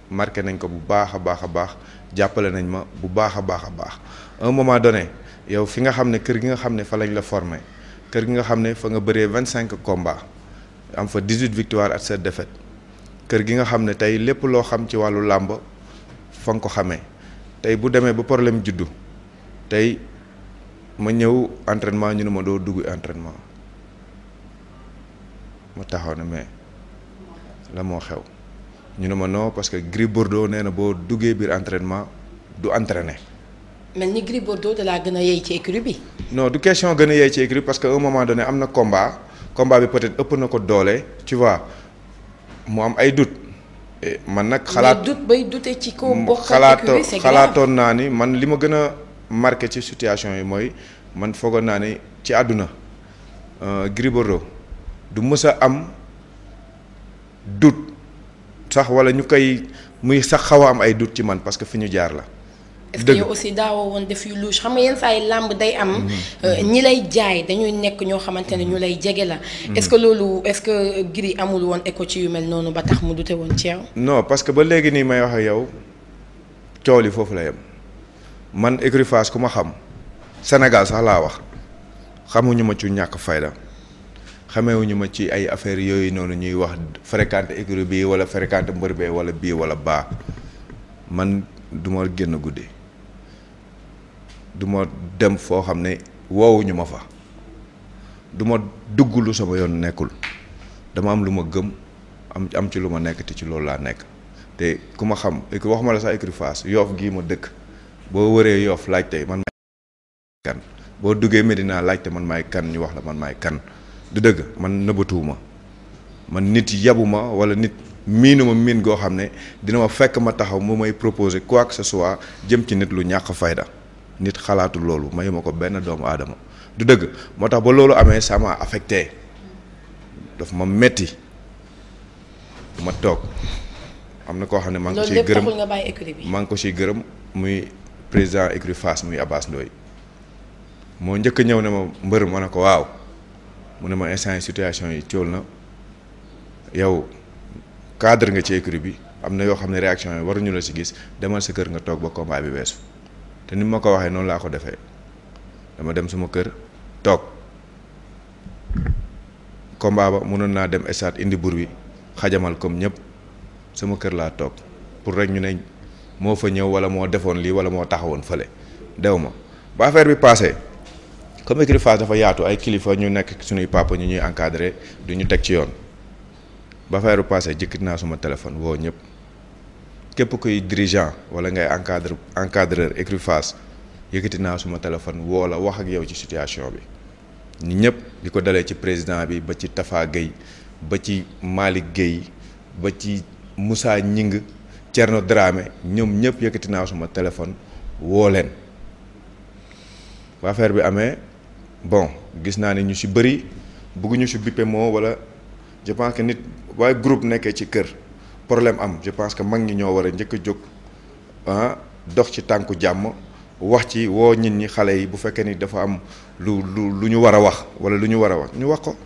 marqué nañ ko bu baax a baax a baax. jàppale nañ ma bu baax a baax a baax un moment donné yow fi nga xam ne kër gi nga xam ne fa lañ la formé kër gi nga xam ne fa nga bëree vingt cinq combats am fa dix huit victoire ak sept défaites kër gi nga xam ne tey lépp loo xam ci wàllu làmb fa nga ko xamee tey bu demee ba problème juddu tey ma ñëw entrainement ñu ne ma doo dugg entrainement ma taxaw ne mais la moo xew. ñu ne ma non parce que Gris Bordeaux nee na boo duggee biir entraînement du entraîner. mel ni Gris Bordeaux da gën a yey ci écurie bi. non du question gën a yey ci écurie parce que à un moment donné am na combat combat bi peut-être ëpp na ko doole tu vois mu am ay doute. man nag xalaat doute bay dute ci ko bokk xalaat xalaatoon naa ni man li ma gën a marqué ci situation yi mooy man foogoon naa ni ci àdduna euh, Gris Bordeaux du mës a am doute. sax wala ñu koy muy sax xaw am ay doute ci man parce que fi ñu jaar la. dëgg yow aussi daawoo woon def yu louche xam nga yenn saa yi làmb day am. Mhm. Euh, mhm. ñi lay jaay dañuy nekk ñoo xamante ne ñu mhm. lay jege la. est-ce que loolu est-ce que Gris amul woon écho ci yu mel noonu ba tax mu dute woon ci no non parce que ba léegi nii may waxee yow coow yi foofu la yem man écurie Fass ku ma xam Sénégal sax laa wax xamuñu ma ci ñàkk fayda. xamewuñu ma ci ay affaire yooyu noonu ñuy wax fréquente écurie bii wala fréquente mbër bee wala bii wala baa man du ma génn guddi duma dem foo xam ne wowuñu ma fa du ma dugg lu sama yoon nekkul dama am lu ma gëm am am ci lu ma nekk te ci loolu laa nekk te ku ma xam wax ma la sax écurie Fass yoof gii ma dëkk boo wëree yoof laaj tey man maay kan boo duggee Medina laajte man maay kan ñu wax la man maay kan du dëgg man nëbbatuwuma man nit yabuma wala nit miinuma miin goo xam ne dina ma fekk ma taxaw mu may proposer quoi que ce jëm ci nit lu ñàkk fayda nit xalaatu loolu mayuma ko benn doomu aadama du dëgg moo tax ba loolu amee ça affecte affecté daf ma metti ma toog am na koo xam ne maa ngi ko ciy gërëm maa ngi ko ciy gërëm muy président écurie Fass muy Abass Ndoye moo njëkk ñëw ne ma mbër ma ne ko waaw mu ne ma instant situation yi cool na yow cadre nga ci écurie bi am na yoo xam ne réaction yi waruñu la si gis demal sa kër nga toog ba combat bi beesu te ni ma ko waxee noonu laa ko defee dama dem suma kër toog combat ba mënoon naa dem stade indi bur xajamal comme ñëpp sama kër laa toog pour rek ñu ne moo fa ñëw wala moo defoon lii wala moo taxawoon fële dew ma ba affaire bi passé comme écurie Fass dafa yaatu ay kilifa ñu nekk suñuy papa ñu ñuy encadré du ñu teg ci yoon ba fayru passé jëkkit naa suma téléphone woo ñëpp képp kuy dirigeant wala ngay encadre encadreur écurie Fass yëkkati naa suma téléphone woo la wax ak yow ci situation bi ñi ñëpp di ko dalee ci président bi ba ci Tafa Gueye ba ci Malick Gueye ba ci Moussa Ñing Thierno Dramé ñoom ñëpp yëkkati naa suma téléphone woo leen ba bi amee bon gis naa ni ñu si bëri bëgguñu si bippe moo wala je pense que nit waaye groupe nekkee ci kër problème am je pense que mag ñi ñoo war a njëkk a jóg ah dox ci tànku jàmm wax ci woo nit ñi xale yi bu fekkee ni dafa am lu lu lu ñu war a wax wala lu ñu war a wax ñu wax ko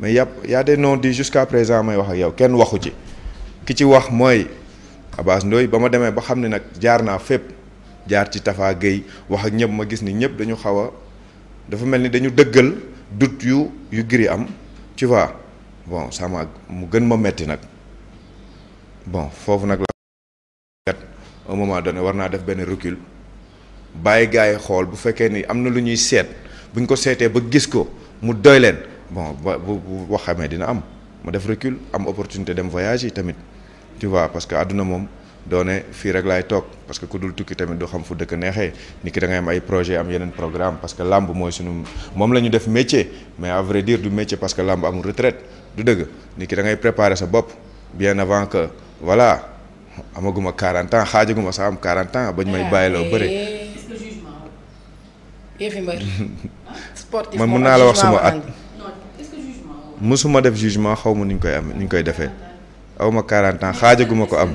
mais yàpp y a des non dits jusqu'à présent mooy wax ak yow kenn waxu ci ki ci wax mooy Abass Ndoye ba ma demee ba xam ne nag jaar naa fépp jaar ci Tafa Gueye wax ak ñëpp ma gis ni ñëpp dañu xaw a dafa mel ni dañu dëggal doute yu yu giri am tu vois bon ça ak mu gën ma metti nag bon foofu nag la un moment donné war naa def benn recul bàyyi gars yi xool bu fekkee ni am na lu ñuy seet buñ ko seetee ba gis ko mu doy leen bon ba bu xamee dina am ma def recul am opportunité dem voyage yi tamit tu parce que àdduna moom doone fii rek laay toog parce que ku dul tukki tamit du xam fu dëkk neexee ni ki da ngay am ay projet am yeneen programme parce que làmb mooy suñu moom la ñu def métier mais à vrai dire du métier parce que làmb amul retraite du dëgg niki dangay da préparer sa bopp bien avant que voilà amaguma 40 ans xaajaguma sa am 40 ans bañ may bàyyiloo bëri. Eh, man mun naa la wax suma at musuma def jugement xaw ma nuñ koy am nuñ koy defee awma 40 ans xaajaguma ko am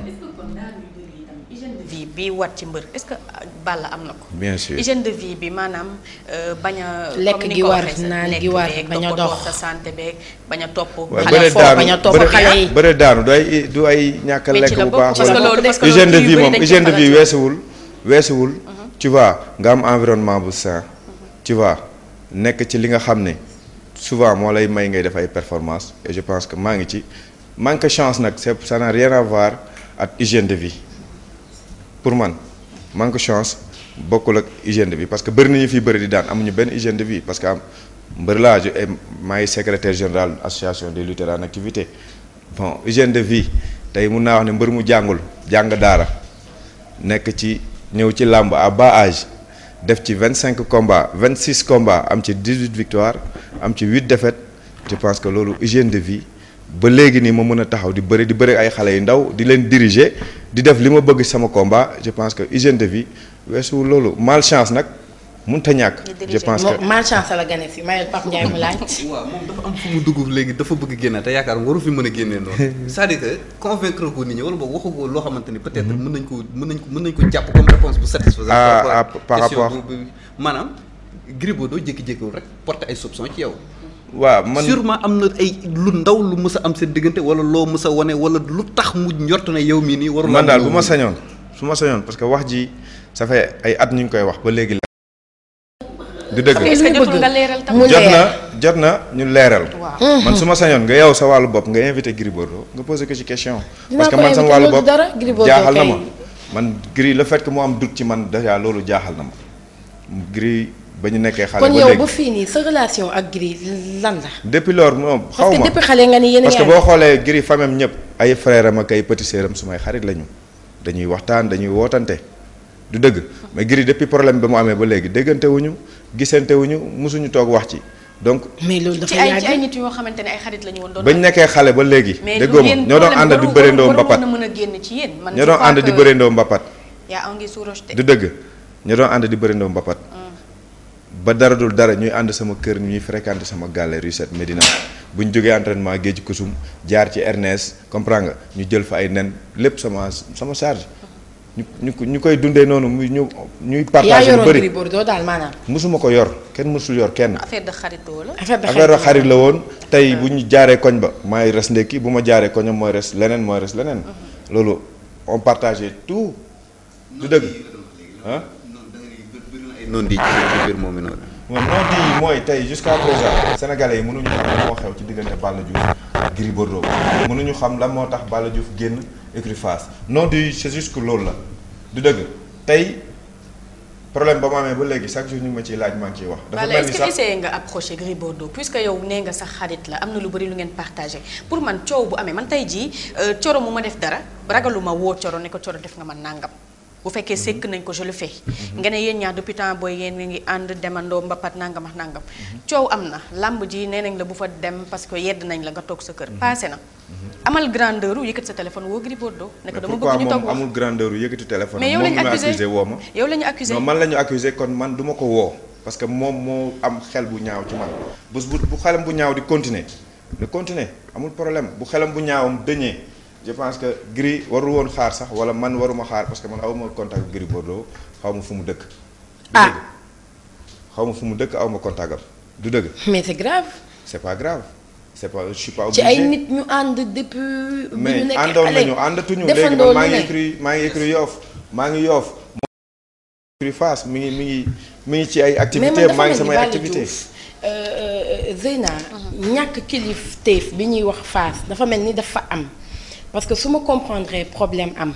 bi wat ci mbër est-ce que euh, Balla am na ko. bien sûr hygiène de vie bi maanaam euh, bañ a. lekk gi war naan gi war bañ a dox sa santé beeg bañ a topp. xale foofu bañ a topp xale yi bëre daanu du ay du ay ñàkk lekk bu baax. parce que hygiène de vie moom hygiène de vie weesuwul weesuwul. Mhm. tu vois nga am environnement bu sain. tu vois nekk ci li nga xam ne souvent moo lay may ngay def ay performance et je pense que maa ngi ci manque chance nag c'est ça n'a rien à voir ak hygiène de vie. pour man manque chance bokkul ak hygiène de vie parce que bëri nañu fii bëri di daan amuñu benn hygiène de vie parce que am mbër laa ju maa ngi secrétaire général association des lutteurs en activité bon hygiène de vie tey mun naa wax ne mbër mu jàngul jàng daara nekk ci ñëw ci làmb à bas age def ci vingt cinq combats vingt six combats am ci dix huit victoires am ci huit défaites je pense que loolu hygiène de vie ba léegi nii ma mën a taxaw di bëri di bëri ay xale yu ndaw di leen diriger di def li ma bëgg sama combat je pense que hygiène de vie weesu loolu malchance nag mun a ñàkk. je pense que malchance la gane si mayel Pape Ndiaye léegi dafa bëgg génne te yaakaar waru fi mën a génnee noonu. cest à ko nit ñi waxu ko loo xamante ni peut-être mën nañ ko mën nañ ko mën nañ ko jàpp comme réponse bu satisfaisante. Ah, par ah, rapport maanaam Gris Bordeaux jékki-jékkiwul rek porte ay soupçons ci yow waaw man sûrement am na ay lu ndaw lu mës am seen diggante wala loo mës a wane wala lu tax mu njort na yow mii nii. warul man daal bu ma sañoon su ma sañoon parce que wax ji ça fait ay at ñu ngi koy wax ba léegi. du dëgg jot na jot na ñu leeral. man su ma sañoon nga yow sa wàllu bopp nga invité Gris nga posé ko ci question. parce que man sama wàllu bopp jaaxal na ma man Gris le fait que mu am doute ci man déjà loolu jaaxal na ma Gris ba ñu nekkee xale ba léegi kon fii nii sa relation ak lan la. depuis moom xaw ma parce nga ni parce que boo xoolee Gris famem ñëpp ay frère am ak ay petit sœur am sumay dañuy waxtaan dañuy wootante du dëgg mais Gris depuis problème bi mu amee ba léegi déggante wuñu gisante wuñu mosuñu toog wax ci donc. mais loolu dafa yàgg ci ay nit yoo xamante ne ay xarit lañu woon. doon bañ nekkee xale ba léegi. déggoo ma ñoo doon ànd di bërëndoo mbapat ñoo doon ànd di du dëgg ñoo doon ànd di bërëndoo mbapat mm. ba dara dul dara ñuy ànd sama kër ñuy fréquenté sama galerie set médina buñ ñu jógee entraînement géej kusum jaar ci Ernest comprend nga ñu jël fa ay nen lépp sama sama charge. ñu ñu ñu koy dundee noonu muy ñu ñuy. partagé lu bëri daal maanaam. mosuma ko yor kenn mosul yor kenn. affaire de xarit la. affaire de xarit la woon tey ah. bu ñu jaaree koñ ba maay res ndekki bu ma jaaree koñam mooy res leneen mooy res leneen. Mhm. loolu on partageait tout. du dëgg nondi ci biir moom mi noonu. non nondi yi mooy tey jusqu'à présent sénégalais yi mënuñu xam lan moo xew ci diggante Balla Diouf ak Gris Bordeaux ñu xam lan moo tax Balla Diouf génn écurie Fass di yi c'est juste la du dëgg tey problème ba ma amee ba léegi chaque jour ñu ma ciy laaj maa ngi ciy wax. dafa mel ni sax que nga approché Gris Bordeaux puisque yow nee nga sax xarit la am na lu bari lu ngeen partagé pour man coow bu amee man tey jii euh, coro mu ma def dara ragalu woo coro ne ko coro def nga ma nàngam. bu fekkee mhm. sekk nañ ko je le fais. Mhm. nga ne yéen ñaar depuis temps booy yéen ngi ànd demandoo mbapat nangam ak nangam. coow am na làmb ji nee nañ la bu fa dem parce que yedd nañ la nga toog sa kër. Mhm. passé na amal grandeur u yëkkati sa téléphone woo Gris Bordeaux. nekk dama bëgg ñu toog moom amul grandeur u mais yow la ñu woo ma yow la ñu accusé non man ñu accusé kon man duma ko woo. parce que moom moo am xel bu ñaaw ci man bés bu bu xelam bu ñaaw di continuer. di continuer amul problème bu xelam bu ñaawam dëñee je pense que Gris waru woon xaar sax wala man waruma xaar parce que man awma contact bu Gris Bordeaux xaw ma fu mu dëkk. ah xaw ma fu mu dëkk aw ma contact am du dëgg. mais c'est grave. c'est pas grave. c'est pas je ci ay nit ñu ànd depuis. mais àndoon nañu àndatuñu léegi maa ngi écrit maa ngi écrit yoof maa ngi yoof. maa ngi mi ngi mi ngi mi ngi ci ay. activité maa ngi samay activité euh, euh, Zeyna mhm. ñàkk kilif teef bi ñuy wax face dafa mel ni dafa am. parce que su ma comprendre problème am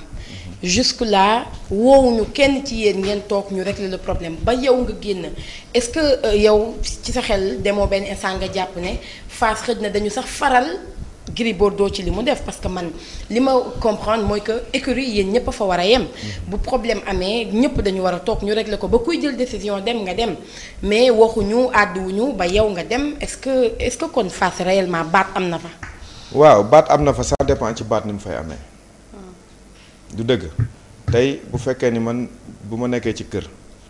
jusque là woowuñu kenn ci yéen ngeen toog ñu régler le problème ba yow nga génn est-ce que euh, yow ci sa xel demoo benn instant nga jàpp ne Fass xëj na dañu sax faral Gris Bordeaux ci li mu def parce que man li ma comprendre mooy que écurie yéen ñëpp a fa war a yem bu problème amee ñëpp dañu war a toog ñu régler ko ba kuy jël décision dem nga dem mais waxuñu àdduwuñu ba yow nga dem est-ce que est-ce que kon Fass réellement baat am na fa waaw baat am na fa ça dépend ci baat ni mu fay amee. du dëgg tey bu fekkee ni man bu ma nekkee ci kër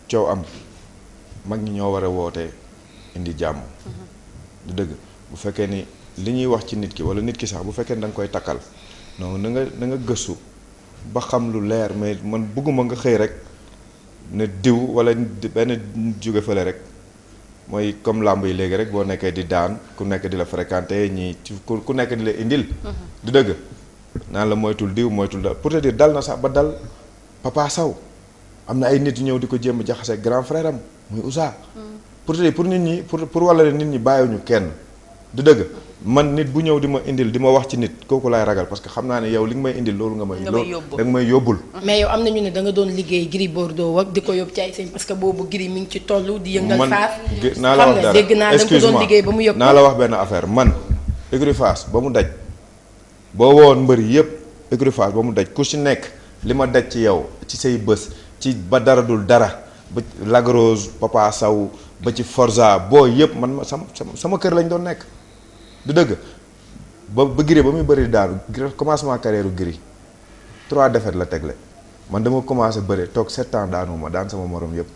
coow am mag ñi ñoo war a woote indi jàmm. du dëgg bu fekkee ni li ñuy wax ci nit ki walla nit ki sax bu fekkee ni da nga koy takkal donc na nga na gëstu ba xam lu leer mais man bëgguma nga xëy rek ne diw walla benn jóge fële rek. mooy comme làmb yi léegi rek boo nekkee di daan ku nekk di la fréquenté ñi ku nekk di la indil. Mm-hmm. du dëgg naan la moytul diw moytul da pour te dire dal na sax ba dal Papa saw am na ay nit ñëw di ko jéem a jaxase grand frère muy Ousa. Mm. pour te dire pour nit ñi pour pour wala nit ñi bàyyiwuñu kenn du dëgg. Mm-hmm. man nit bu ñëw di ma indil di ma wax ci nit kooku laay ragal parce que xam naa ne yow li nga may indil loolu nga may loolu da nga may yóbbul mais yow am na ñu ne da nga doon liggéey Gris Bordeaux ak di ko yóbbu ci ay sëñ parce que boobu Gris mi ngi ci toll di yëngal faas naa la wax dara dégg naa da nga ko doon liggéey ba mu yóbbu naa la wax benn affaire man écurie Fass ba mu daj boo woon mbër yëpp écurie Fass ba mu daj ku ci nekk li ma daj ci yow ci say bës ci ba dara dul dara ba Lagrose Papa Sow ba ci Forza boo yëpp man sama sama kër lañ doon nekk du dëgg ba ba Gris ba muy bëri daanu commencement carrière Gris trois défaites la tegle man dama commencé bëre toog sept ans daanu ma daan sama moroom yëpp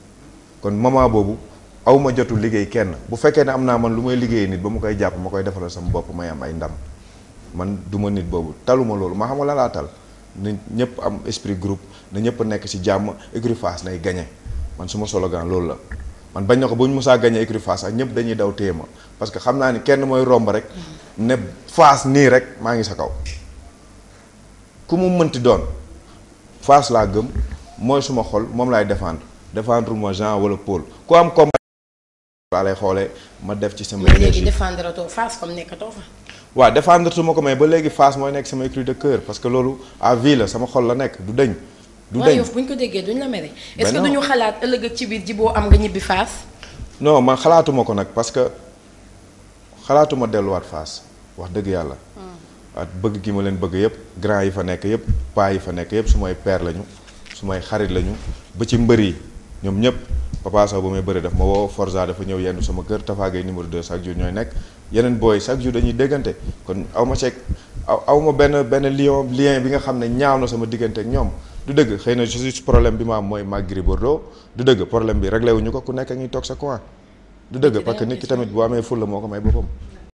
kon moment boobu aw ma jotu liggéey kenn bu fekkee ne am naa man lu may liggéey nit ba mu koy jàpp ma koy defalal sama bopp may am ay ndam man du ma nit boobu taluma loolu ma xamala laa tal na ñëpp am esprit groupe na ñëpp nekk ci jàmm écurie Fass nay gagné man suma slogan loolu la man bañ na ko bu ñu musaa gagné écurie Fass ak ñëpp dañuy daw téye ma parce que xam naa ni kenn mooy romb rek ne Fass nii rek maa ngi sa kaw ku mu mënti doon Fass laa gëm mooy suma xol moom laay défendre défendre moi Jean wala Paul ku am combat laa lay xoolee ma def ci sama énergie défendre too Fass comme nekkatoo fa waaw défendre tuma ko mais ba léegi Fass mooy nekk sama écurie de cœur parce que loolu à sama xol la nekk du deñ du dañ waaw bu ñu ko déggee duñ la mere. est ce que duñu xalaat ëllëg ak ci biir ji boo am nga ñibbi faas. noo man xalaatuma ko nag parce que xalaatuma delluwaat faas wax dëgg yàlla. Hmm. at bëgg gi ma leen bëgg yëpp grand yi fa nekk yëpp paa fa nekk yëpp su may père lañu su may xarit lañu ba ci mbër yi ñoom ñëpp Papa Sow may bëri daf ma woo Forza dafa ñëw yendu sama kër Tafa Gueye numéro 2 chaque jour ñooy nekk yeneen booy chaque jour dañuy déggante kon aw ma ceeg aw ma benn benn lien lien bi nga xam ne ñaaw na sama diggante ak ñoom. du dëgg xëy na juste problème bi ma am mooy mag Gris Bordeaux du dëgg problème bi réglé ñu ko ku nekk a ngi toog sa coin du dëgg parce que nit ki tamit bu amee fulla moo ko may boppam